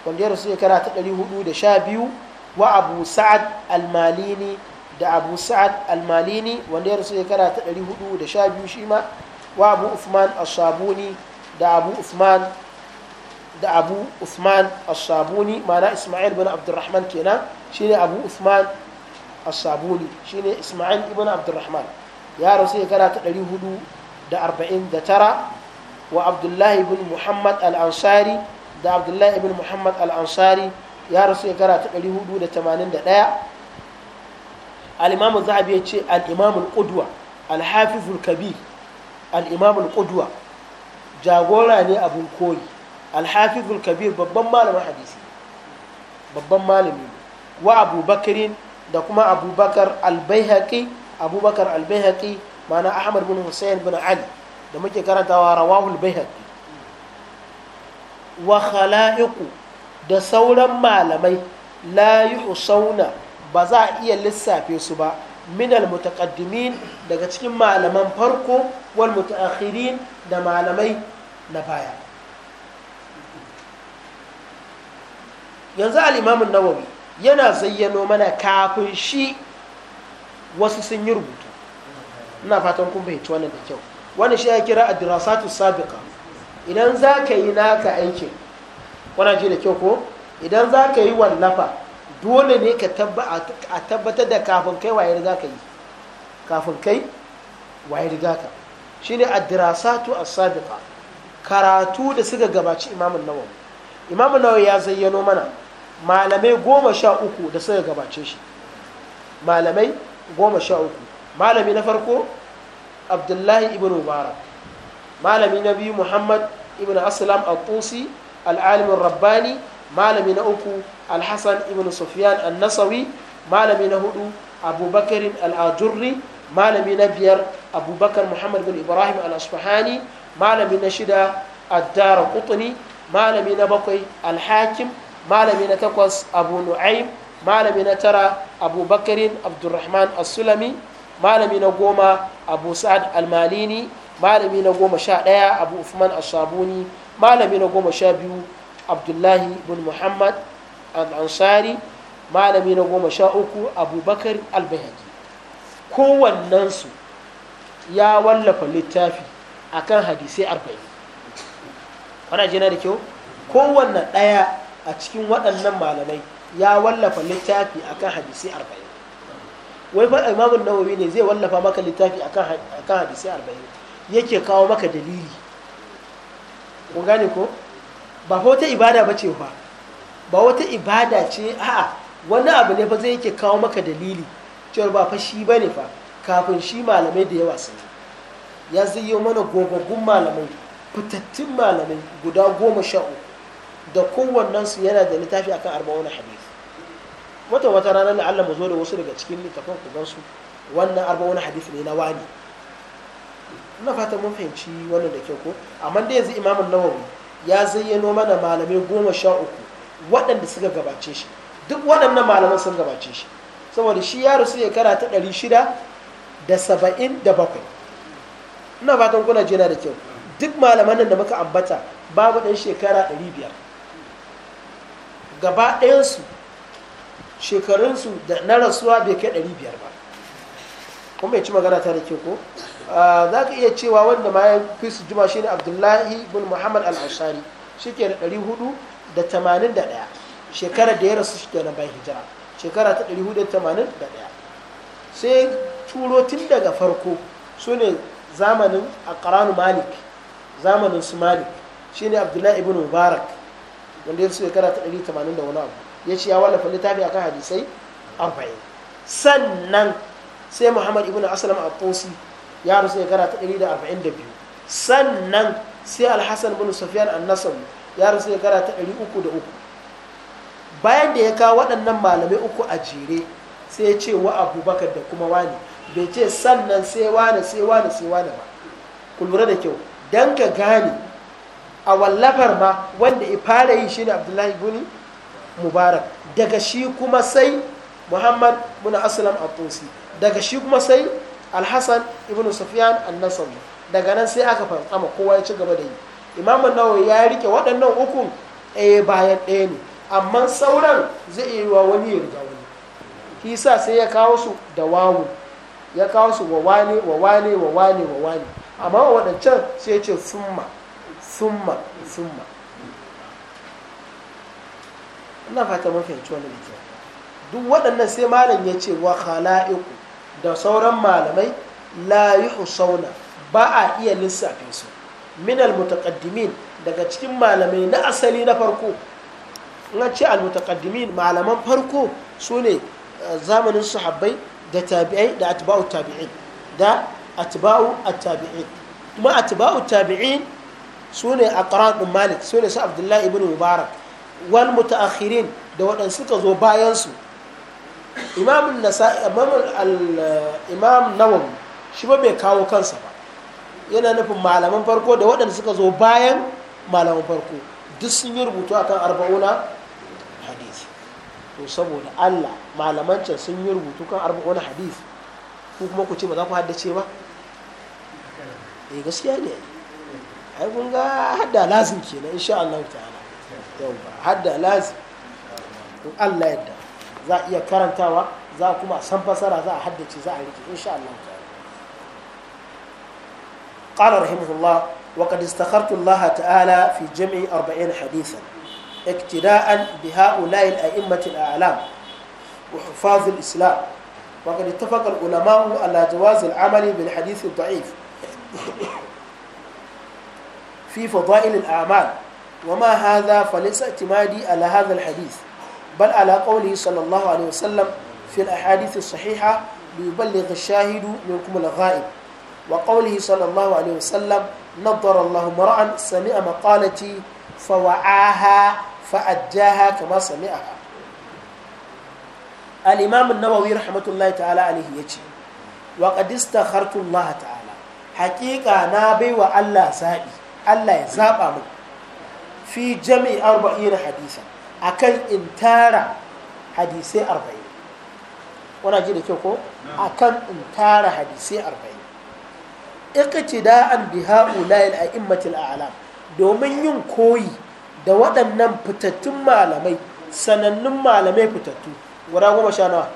wanda ya rasu shekara ta ɗari hudu da sha biyu wa abu sa'ad al-malini da abu sa'ad almalini wanda ya rasu shekara ta 412 shi ma wa abu usman as da abu usman da abu usman as mana isma'il bin abdurrahman kenan shine abu usman as shine isma'il ibn abdurrahman ya rasu shekara ta 449 wa abdullahi ibn muhammad al-ansari da abdullahi ibn muhammad al-ansari ya rasu shekara ta 481 al’imamu zahabi ya ce al-imamu alhafizul kabi al-hafizul jagora ne abin koyi alhafizul kabi babban malamin hadisi babban malami wa abubakarin da kuma abubakar al abubakar al ma'ana ahmad bin hussein bin ali da muke karantawa rawahul baihaki wa khala'iku da sauran malamai la yi yuhsauna ba za a iya lissafe su ba minal mutaqaddimin daga cikin malaman farko wal mutaakhirin da malamai na baya yanzu al-imamun nawawi yana zayyano mana kafin shi wasu sun yi rubutu ina fatan kun fahimci wannan da kyau wannan shi ya kira ad-dirasatu sabiqa idan za ka yi naka aikin wana ji da kyau ko idan za ka yi wallafa dole ne ka tabbatar da kafin kai waye riga ka yi kafin kai waye riga ka shine ad-dirasatu as-sabiqa karatu da suka gabaci Imam an-Nawawi Imam nawawi ya zayyano mana malamai goma sha uku da suka gabace shi malamai goma sha uku malami na farko abdullahi ibn mubarak malami na biyu muhammad ibn aslam al-tusi al-alimin rabbani malami na uku alhassan ibn sufyan annasawi malami na hudu abubakar al'ajurri malami na biyar abubakar muhammad bin ibrahim al malami na shida addara kutuni malami na bakwai alhakim malami na takwas abu nu'aim malami na tara abubakarin abdurrahman asulami malami na goma abu sa'ad almalini malami na goma sha ɗaya abu usman as-sabuni malami na goma sha biyu abdullahi bin muhammad al'ansari malami na goma sha uku abubakar albayaki kowannensu ya wallafa littafi akan hadisai arba'in wadda jina da kyau kowanne ɗaya a cikin waɗannan malamai ya wallafa littafi akan hadisai arba'in wai fa imamun nawawi ne zai wallafa maka littafi akan hadisai arba'in yake kawo maka dalili ko gane ko ba fa wata ibada ba ce ba? ba wata ibada ce a'a wani abu ne fa zai yake kawo maka dalili cewar ba fa shi bane fa kafin shi malamai da yawa sun ya zai mana gogaggun malamai fitattun malamai guda goma sha uku da kowannensu yana da littafi akan arba'un hadith wata wata ranar na Allah mu zo da wasu daga cikin littafin ku gansu wannan arba'un hadith ne na wani ina fata mun fahimci wannan da kyau ko amma da yanzu imamun nawawi ya zayyano mana malamai goma sha uku waɗanda suka gabace shi duk waɗannan malaman sun gabace shi saboda shi ya rasu shekara ta ɗari shida da saba'in da bakwai ina fatan kuna jina da kyau duk malaman nan da muka ambata babu ɗan shekara ɗari biyar gaba ɗayansu shekarunsu da na rasuwa bai kai ɗari biyar ba kuma ya ci magana ta da ke ko ah, za ka iya cewa wanda ma ya fi su juma ne abdullahi bin muhammad al-ashari shi ke da ɗari hudu da tamanin da ɗaya shekara da ya rasu shi kenan bayan hijira shekara ta ɗari hudu tamanin da ɗaya sai turo tun daga farko su ne zamanin a ƙaranu malik zamanin su malik shi ne abdullahi ibn mubarak wanda ya rasu shekara ta ɗari tamanin da wani abu ya ce ya wallafa littafi akan hadisai arba'in sannan sai muhammad ibn aslam a ya rasu shekara ta ɗari da arba'in da biyu sannan sai alhassan bin sufyan an-nasawi ya rasu gara ta ɗari uku da uku bayan da ya kawo waɗannan malamai uku a jere sai ya ce wa abubakar da kuma wani bai ce sannan sai wani sai wani sai wani ba ku lura da kyau don ka gane a wallafar ma wanda ya fara yi shi ne abdullahi guni mubarak daga shi kuma sai muhammad muna aslam atusi daga shi kuma sai alhassan ibn sufyan an daga nan sai aka fantsama kowa ya ci gaba da yi imamu nawa ya rike waɗannan ukun ɗaya eh, bayan ɗaya ne amma sauran zai iya wa wani ya riga wani kisa sai ya kawo su da wawu ya kawo su wa wane wa wane wa wane wa wane amma waɗancan sai ya ce summa summa summa ina fata yanci wani da duk waɗannan sai malam ya ce wa khala'iku da sauran malamai la yi ba a iya lissafe su minal mutaqaddimin daga cikin malamai na asali na farko in ce al-mutaqaddimin malaman farko su ne eh, zamanin sahabbai da tabi'ai da atba'u tabi'in da atba'u at-tabi'in kuma atba'u tabi'in su ne aqran din malik su ne su abdullahi ibn mubarak wal mutaakhirin da waɗanda suka zo bayan su imam nasa'i eh, imam nawawi shi ba bai kawo kansa ba yana nufin malaman farko da waɗanda suka zo bayan malaman farko duk sun yi rubutu akan arba'una hadis to saboda Allah malamancin sun yi rubutu kan arba'una hadis ko kuma ku ce ba za ku haddace ba eh gaskiya ne ai kun ga hadda lazim kenan insha Allah ta'ala yawa hadda lazim in Allah yadda za a iya karantawa za kuma a san fasara za a haddace za a rike insha Allah ta'ala قال رحمه الله وقد استخرت الله تعالى في جمع أربعين حديثا اقتداء بهؤلاء الأئمة الأعلام وحفاظ الإسلام وقد اتفق العلماء على جواز العمل بالحديث الضعيف في فضائل الأعمال وما هذا فليس اعتمادي على هذا الحديث بل على قوله صلى الله عليه وسلم في الأحاديث الصحيحة ليبلغ الشاهد منكم الغائب وقوله صلى الله عليه وسلم نظر الله مرأة سمع مقالتي فوعاها فأجاها كما سمعها الإمام النووي رحمة الله تعالى عليه يجي وقد استخرت الله تعالى حقيقة نابي وألا زائي ألا يزاب أمو في جميع أربعين حديثا أكل انتارا حديثي أربعين wana ji da kyau ko a kan in tara hadisai arba'in iqtida'an bi ha'ula'il a'immatil a'lam domin yin koyi da waɗannan fitattun malamai sanannun malamai fitattu wara goma sha nawa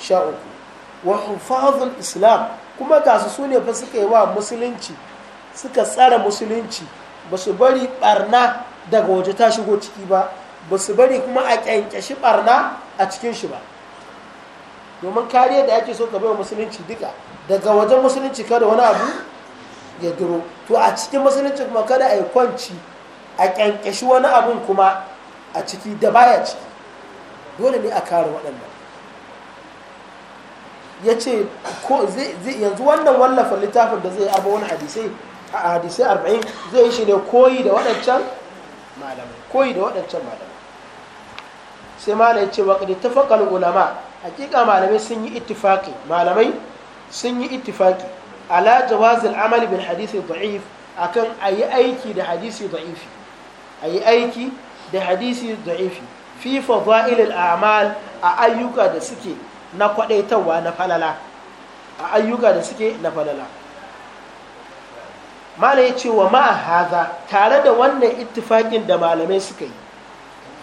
sha uku wa hufazul islam kuma gasu su ne fa suka yi wa musulunci suka tsara musulunci ba su bari barna daga waje ta shigo ciki ba ba su bari kuma a ƙyanƙyashi barna a cikin shi ba domin kariya da ake so ka bai wa musulunci duka daga wajen musulunci kada wani abu ya duro to a cikin musulunci kuma kada a yi kwanci a kyankyashi wani abun kuma a ciki da baya ciki dole ne a kare waɗannan ya ce yanzu wannan wallafa littafin da zai abu wani hadisai a hadisai arba'in zai yi shi ne koyi da waɗancan malamai koyi da waɗancan malamai sai malai ce wa ƙadi tafakal ulama hakika malamai sun yi ittifaki malamai sun yi ittifaki ala jawazil amali bin hadisi da'if akan ayi aiki da hadisi da'ifi ayi aiki da hadisi da'ifi fi fadailil a'mal a ayyuka da suke na kwadaitawa na falala a ayyuka da suke na falala mala ya ce wa ma'a haza tare da wannan ittifakin da malamai suka yi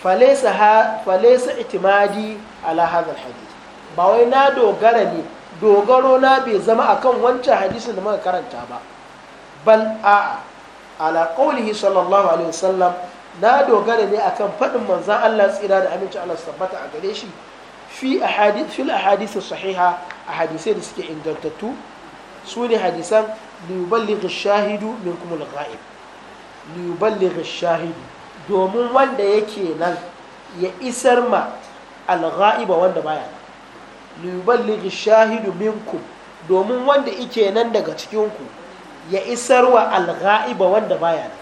falesa itimadi ala hadal hadis ba wai na dogara ne dogaro na bai zama akan wancan hadisin da muka karanta ba bal a'a ala qaulihi sallallahu alaihi wasallam na dogara ne akan faɗin manzon Allah tsira da aminci Allah sabbata a gare shi fi fil ahadith sahiha a hadisai da suke ingantattu su ne hadisan liyuballighi shahidu minkum al-ghaib liyuballighi shahidu domin wanda yake nan ya isar ma al-ghaiba wanda baya nan liyuballighi shahidu minkum domin wanda ike nan daga cikinku ya isar wa algha'iba wanda baya da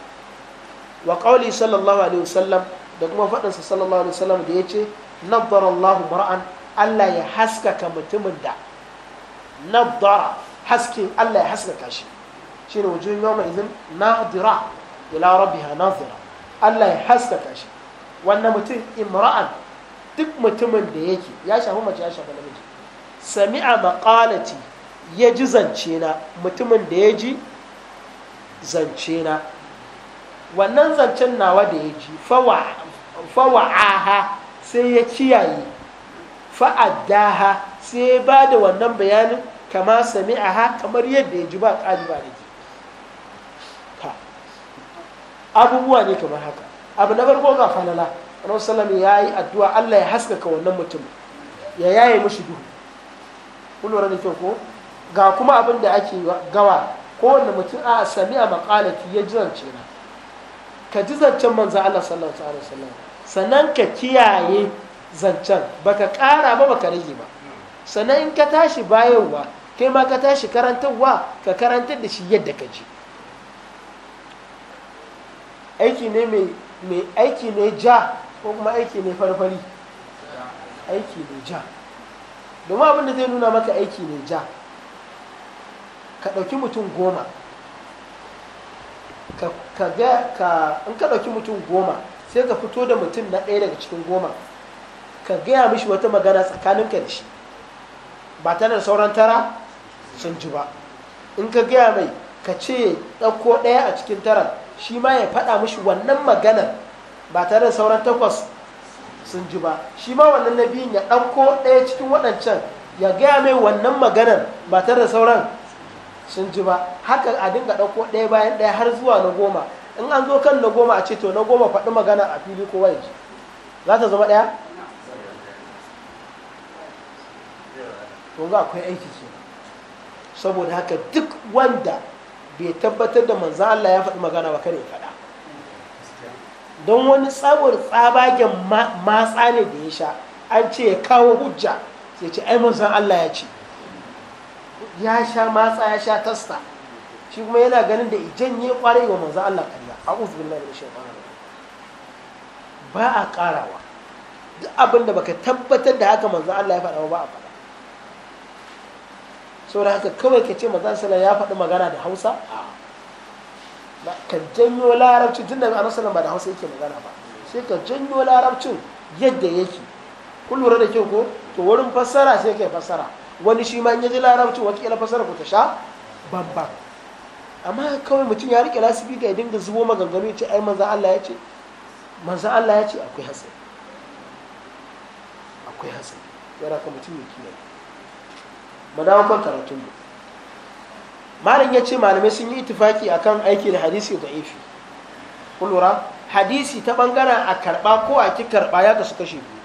wa qauli sallallahu alaihi wasallam da kuma faɗinsa sallallahu alaihi wasallam da yace naddara Allahu mar'an Allah ya haskaka mutumin da naddara haskin Allah ya haskaka shi shine wujuhun yawma idhin nadira ila rabbiha nadira Allah ya haskaka shi wannan mutum imra'an duk mutumin da yake ya shafi mace ya shafi namiji sami'a maƙalati ya ji zance na mutumin da ya ji zance na wannan zancen nawa da ya ji fawa'aha sai ya ciyaye fa'addaha sai ya ba da wannan bayanin kama ha kamar yadda ya ji ba ƙari ba da abubuwa ne kamar haka abu na farko ga falala annabi ya yi addu'a Allah ya haskaka wannan mutum ya yaye mashi duhu kun lura da kyau ko ga kuma abin da ake gawa kowanne mutum a sami a makalaki ya ji zance na ka ji zancen manza Allah sallallahu alaihi wasallam sannan ka kiyaye zancen baka ƙara ba baka rage ba sannan in ka tashi bayarwa kai ma ka tashi karantarwa ka karantar da shi yadda ka ji aiki ne mai aiki ne ja ko kuma aiki ne farfari aiki ne ja domin abin da zai nuna maka aiki ne ja ka ɗauki mutum goma ka ga ka in ka ɗauki mutum goma sai ka fito da mutum na ɗaya daga cikin goma ka gaya mishi wata magana ka da shi ba tana da sauran tara sun ji ba in ka gaya mai ka ce ɗauko ɗaya a cikin tara shi ma ya faɗa mishi wannan maganar ba tare da sauran takwas sun ji ba shi ma wannan nabiyin ya ɗauko ɗaya cikin waɗancan ya gaya mai wannan maganar ba tare da sauran sun ji ba haka a dinga ɗauko ɗaya bayan ɗaya har zuwa na goma in an zo kan na goma a ce to na goma faɗi magana a fili ko waje za ta zama ɗaya to ga akwai aiki ce saboda haka duk wanda bai tabbatar da manzan Allah ya faɗi magana ba kare faɗa don wani tsawon tsabagen matsa ne da ya sha an ce ya kawo hujja sai ce ai mun san Allah ya ce ya sha matsa ya sha tasta shi kuma yana ganin da ya kwarai wa manzan Allah kariya a uzubillahi da shaitan ba a ƙarawa duk abin da baka tabbatar da haka manzan Allah ya faɗa ba a faɗa saboda haka kawai ka ce manzan Allah ya faɗi magana da Hausa a'a ka janyo larabcin tunda a sallallahu ba da hausa yake magana ba sai ka janyo larabcin yadda yake ku lura da kyau ko to wurin fassara sai kai fassara wani shi ma in yaji larabcin kila fassara ku ta sha babba amma kawai mutum ya rike lasibi ga dinga zubo maganganu ya ce ai manzan Allah ya ce manzan Allah ya ce akwai hatsari akwai hatsari yana ka mutum ya kiyaye mu dawo kan karatunmu malam ya ce malamai sun yi itifaki akan aiki da hadisi da ifi kulura hadisi ta bangaren a karba ko a ki karba ya kasu kashi biyu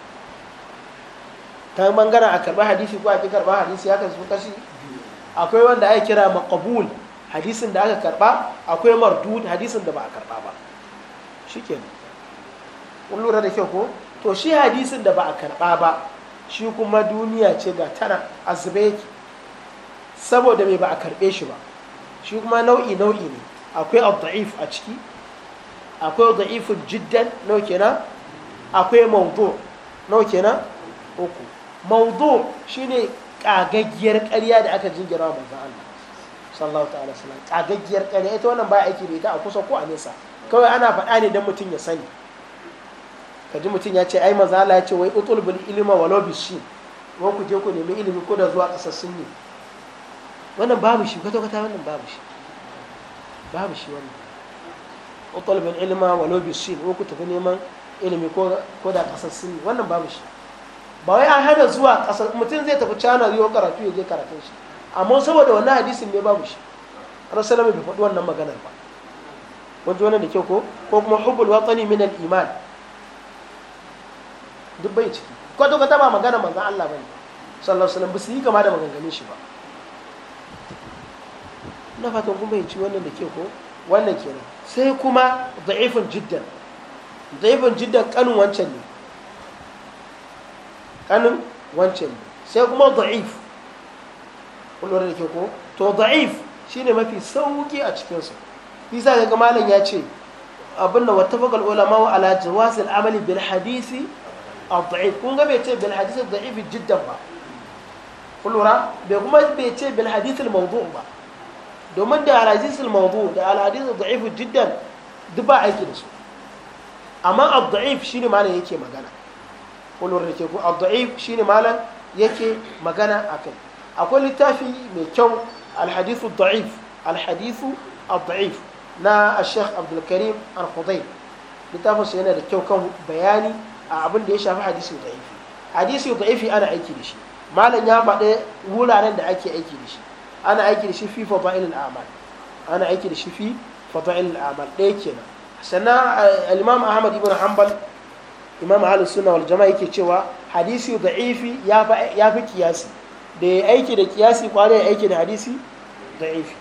ta bangaren a karba hadisi ko a ki karba hadisi ya kasu kashi biyu akwai wanda ake kira maqbul hadisin da aka karba akwai mardud hadisin da ba a karba ba shikenan kun lura da kyau ko to shi hadisin da ba a karba ba shi kuma duniya ce ga tana azube saboda mai ba a karɓe shi ba shi kuma nau'i nau'i ne akwai al a ciki akwai da'ifin jiddan nau kenan akwai maudu nau kenan uku maudu shine kagaggiyar ƙarya da aka jingira manzon Allah sallallahu ta'ala sallam kagaggiyar ƙarya ita wannan ba aiki da ita a kusa ko a nesa kawai ana faɗa ne don mutum ya sani kaji mutum ya ce ai maza Allah ya ce wai bil ilma walau shi wa ku je ku nemi ilimi ko da zuwa ƙasassun ne wannan babu shi kwata-kwata wannan babu shi babu shi wannan utalibin ilima walau bi shi ko ku tafi neman ilimi ko da kasar sin wannan babu shi ba wai an hana zuwa ƙasar mutum zai tafi cana yau karatu ya je karatun shi amma saboda wannan hadisin ne babu shi rasulullah bai faɗi wannan maganar ba wanda wannan da kyau ko ko kuma hubbul watani min al iman duk bai ciki kwata-kwata ba magana manzon Allah bane sallallahu alaihi wasallam ba su yi kama da maganganun shi ba ina fatan kun bayyanci wannan da ke ko wannan kenan sai kuma da'ifin jiddan da'ifin jiddan kanin wancan ne kanin wancan ne sai kuma da'if kun da ke ko to da'if shine mafi sauƙi a cikin su bisa ga malam ya ce abin da wata fakal ulama wa ala wasu al-amali bil hadisi a daif kun ga bai ce bil hadisi ad jiddan ba kun bai kuma bai ce bil hadisi al-mawdu' ba domin da al-aziz al-mawdu da al daif jiddan duk ba aiki da su amma al-da'if shine malam yake magana kullun rike ku al-da'if shine malam yake magana akai akwai littafi mai kyau al-hadith al-da'if al-hadith al-da'if na al-sheikh Abdul Karim al-Khudayb littafin sa yana da kyau kan bayani a abin da ya shafi hadisi da'ifi hadisi da'ifi ana aiki da shi malam ya faɗi wuraren da ake aiki da shi ana aiki da shi fi fada'il al'amal ana aiki da shi fi fada'il al'amal ɗaya kenan sannan eh, al-imam ahmad ibn hanbal imam ahlus sunna wal jama'a yake cewa hadisi da'ifi ya fi kiyasi da ya aiki da kiyasi kwarai ya aiki da hadisi da'ifi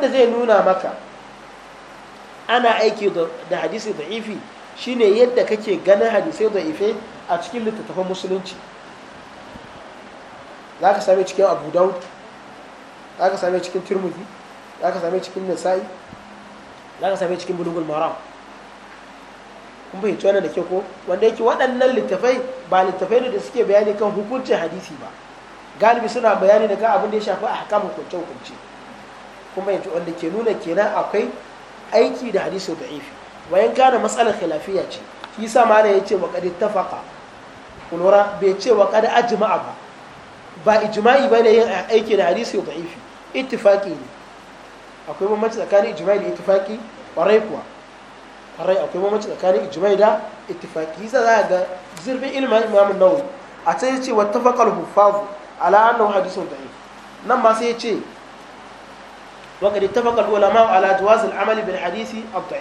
da zai nuna maka ana aiki da hadisi da'ifi shine yadda kake ganin hadisai da'ifai a cikin littattafan musulunci za ka same cikin abu daud za ka same cikin turmuzi za ka same cikin nasa'i za ka same cikin bulugul maram kun fahimci wannan da ke ko wanda yake waɗannan littafai ba littafai ne da suke bayani kan hukuncin hadisi ba galibi suna bayani da kan abin da ya shafi a hakamun hukunce hukunce kun fahimci wanda ke nuna kenan akwai aiki da hadisi da ifi bayan gane matsalar khilafiya ce shi sa malam ya ce wa kad ittafaqa kulura bai ce wa kad ajma'a ba ba ijma'i bane yin aiki da hadisi da ifi ittifaki ne akwai bambanci tsakanin ijma'i da ittifaki kwarai kuwa kwarai akwai bambanci tsakanin ijma'i da ittifaki yasa za ga zirbin ilimin imam nawawi a can yace wattafaqa al-huffaz ala annahu hadithun da'if nan ma sai ya ce wa qad ittafaqa al-ulama ala jawaz al-amali bil hadisi ad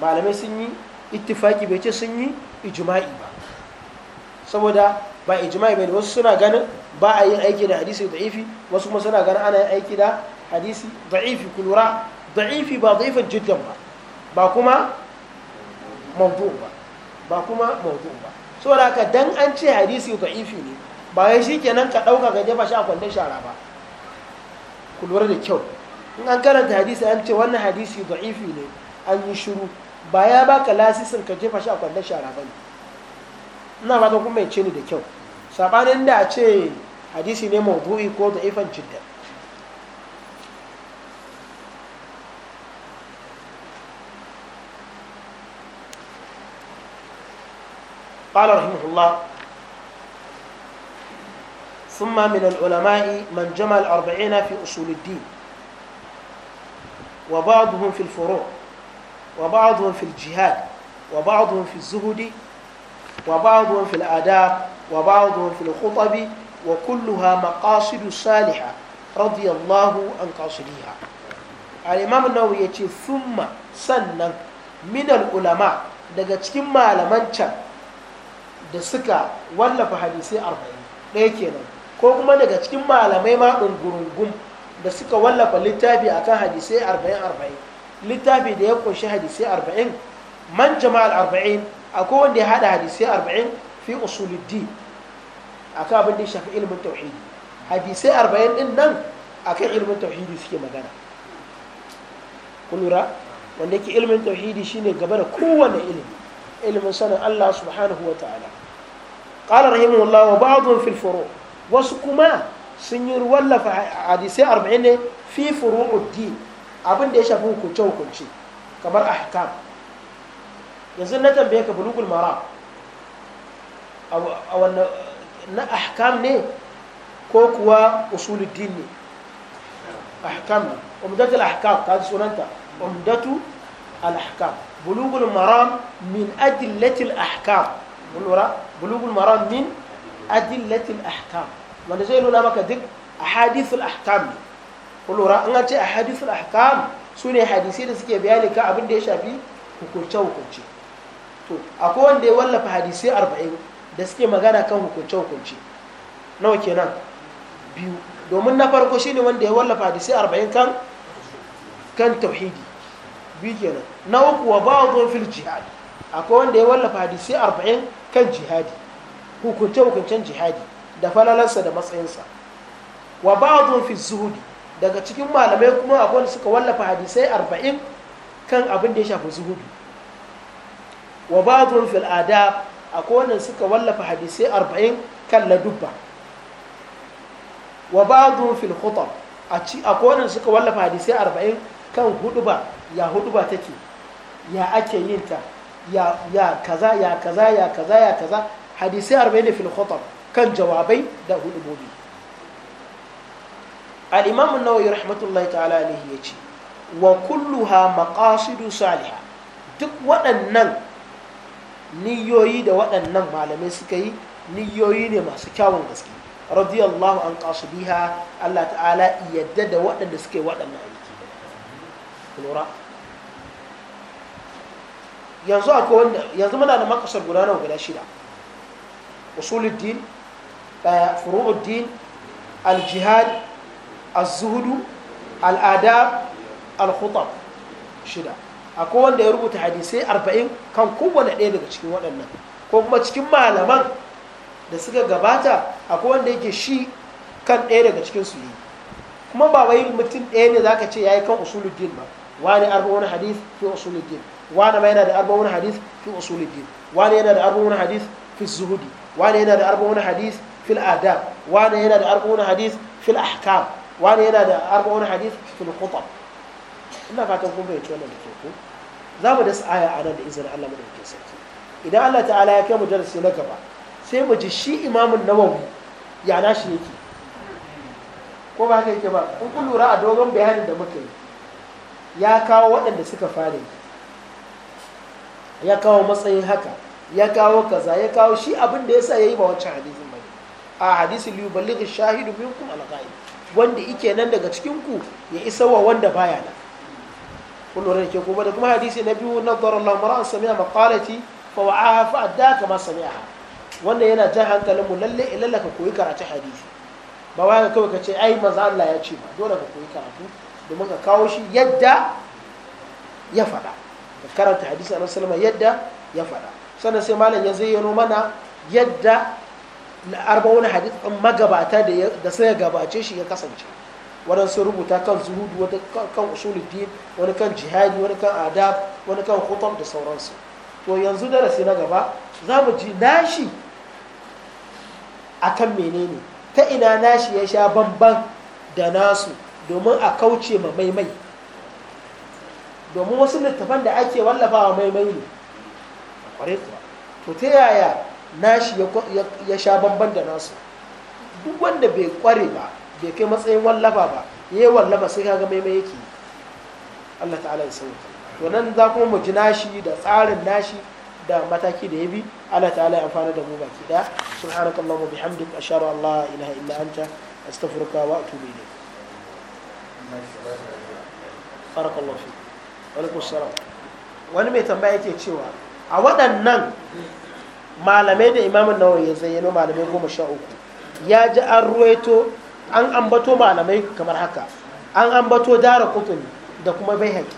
malamai sun yi ittifaki bai ce sun yi ijima'i ba saboda ba ijma'i bane wasu suna ganin ba a yin aiki da hadisi da'ifi wasu kuma suna ganin ana yin aiki da hadisi da'ifi kulura da'ifi ba da'ifin jiddan ba ba kuma mawdu ba ba kuma mawdu ba da haka dan an ce hadisi da'ifi ne ba wai kenan ka dauka ka jefa shi a kwandon shara ba kulura da kyau in an karanta hadisi an ce wannan hadisi da'ifi ne an yi shiru ba ya baka lasisin ka jefa shi a kwandon shara ba ne ina ka kuma ya ce ni da kyau sabanin da a ce hadisi ne mawdu'i ko da'ifan قال رحمه الله ثم من العلماء من جمع الأربعين في أصول الدين وبعضهم في الفروع وبعضهم في الجهاد وبعضهم في الزهد وبعضهم في الآداب وبعضهم في الخطب وكلها مقاصد صالحة رضي الله عن قاصدها الإمام النووي يتي ثم سنن من العلماء daga cikin malaman can da suka wallafa hadisai arba'in ɗaya kenan ko kuma daga cikin malamai ma ɗungurungun da suka wallafa littafi akan hadisai arba'in arba'in littafi da ya kunshi hadisai arba'in man jama'al arba'in akwai wanda ya haɗa hadisai arba'in fi usuluddin akan abin ya shafi ilimin tauhidi hadisai arba'in din nan akan ilimin tauhidi suke magana kulura wanda yake ilimin tauhidi shine gaba da kowane ilimi ilimin sanin Allah subhanahu wa ta'ala qala rahimahullah wa ba'dhum fil furu wasu kuma sun yi wallafa hadisai arba'in ne fi furu'uddin abin da ya shafi hukunce hukunce kamar ahkam yanzu na tambaye ka bulugul mara na ahkam ne ko kuwa usuluddin ne ahkam umdatu al-ahkam ta ji sunanta umdatu al-ahkam bulugul maram min adillati al-ahkam mun lura bulugul maram min adillati al-ahkam wanda zai nuna maka duk ahadith al-ahkam ne kun lura an ce ahadith al-ahkam sune hadisi da suke bayani ka abin da ya shafi hukunce hukunce to akwai wanda ya wallafa hadisi arba'in. da suke magana kan hukunce-hukunce nawa kenan biyu domin na farko shine wanda ya wallafa hadisai arba'in kan kan tauhidi biyu kenan na uku wa ba ba'dhum fil jihad akwai wanda ya wallafa hadisai arba'in kan jihadi hukunce-hukuncen jihadi da falalarsa da matsayinsa wa ba ba'dhum fil zuhudi daga cikin malamai kuma akwai wanda suka wallafa hadisai arba'in kan abin da ya shafi zuhudi wa ba ba'dhum fil adab akwai wannan suka wallafa hadisai arba'in kan ladubba wa ba'dhum fil khutab a ci akwai wannan suka wallafa hadisai arba'in kan huduba ya huduba take ya ake yin ta ya ya kaza ya kaza ya kaza ya kaza hadisai arba'in fil khutab kan jawabai da hudubobi al-imam an-nawawi rahmatullahi ta'ala alayhi yace wa kulluha maqasidu salihah duk waɗannan niyoyi da waɗannan malamai suka yi niyoyi ne masu kyawun gaske radiyallahu an biha Allah ta'ala yadda da waɗanda yi waɗannan aiki lura yanzu akwai wanda yanzu muna da makasar guda nawa guda shida usuluddin eh, furu'uddin aljihad jihad al'ada zuhdu al khutab shida akwai wanda ya rubuta hadisai arba'in kan kowane ɗaya daga cikin waɗannan ko kuma cikin malaman da suka gabata akwai wanda yake shi kan ɗaya daga cikin su yi kuma ba wai mutum ɗaya ne zaka ce yayi kan usuluddin ba wani arba'un hadis fi usuluddin wani ma yana da arba'un hadis fi usuluddin wani yana da arba'un hadis fi zuhudi wani yana da arba'un hadith fi al'adab wani yana da arba'un hadith fi al'ahkam wani yana da arba'un hadis fi al ina fatan kun fahimci wannan da ke ku za mu dasa aya a nan da izinin Allah ɗauke sarki idan Allah ta'ala ya kai mu darasi na gaba sai mu ji shi imamun nawawi ya na shi yake ko ba haka yake ba in ku lura a dogon bayanin da muka yi ya kawo waɗanda suka fara yi ya kawo matsayin haka ya kawo kaza ya kawo shi abin da yasa yayi ba wancan hadisin ba a hadisin li yuballighi shahidu minkum al wanda ike nan daga cikin ku ya isa wa wanda baya nan kun da ke kuma da kuma hadisi na biyu na dora Allah mara'an sami'a maqalati fa wa'aha fa adda kama sami'a wannan yana jan hankalin mu lalle ilalla ka koyi karatu hadisi ba wai kawai ka ce ai maza Allah ya ce ba dole ka koyi karatu domin ka kawo shi yadda ya faɗa ka karanta hadisi a sallallahu yadda ya faɗa sannan sai malam ya zayyano mana yadda arba'una hadith magabata da sai ya gabace shi ya kasance waɗansu rubuta kan zuhudu wani kan usuluddin wani kan jihadi wani kan adab wani kan hutam da sauransu to yanzu darasi na gaba za mu ji nashi a kan menene ta ina nashi ya sha bamban da nasu domin a kauce ma maimai domin wasu littafan da ake wallafawa maimai ne to ta yaya nashi ya sha bamban da nasu duk wanda bai kware ba bai kai matsayin wallafa ba yi wallafa sai kaga maimai yake Allah ta'ala ya sauka to nan za kuma mu ji nashi da tsarin nashi da mataki da ya bi Allah ta'ala ya amfana da mu baki da subhanakallahumma bihamdika ashhadu an la ilaha illa anta astaghfiruka wa atubu ilayk barakallahu الله فيك وعليكم wani mai tambaya yake cewa a waɗannan malamai da imamun nawawi ya zayyano malamai goma sha uku ya ji an ruwaito an ambato malamai kamar haka an ambato dara kutun da kuma bai haƙi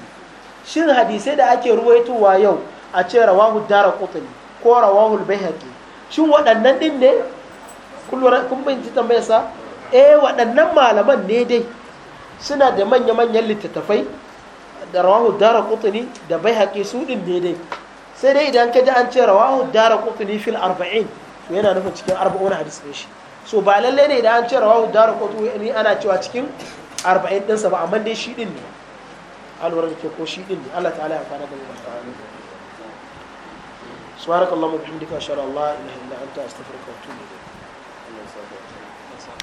shin hadisai da ake ruwaitowa yau a ce rawahu dara kutun ko rawahu bai haƙi shin waɗannan ɗin ne kun binci sa eh waɗannan malaman ne dai suna da manya-manyan littattafai da rawahu dara kutun da bai haƙi su ɗin ne dai sai dai idan ka ji an ce rawahu dara kutun fil arba'in yana nufin cikin arba'un hadis ne shi so ba lallai ne da an ce rawahu daru kotu ni ana cewa cikin arba'in ɗinsa ba amma dai shi ɗin ne alwar da ke ko shi ɗin ne allah ta'ala ya fara da mu سبحانك اللهم وبحمدك اشهد ان لا اله الا انت استغفرك واتوب اليك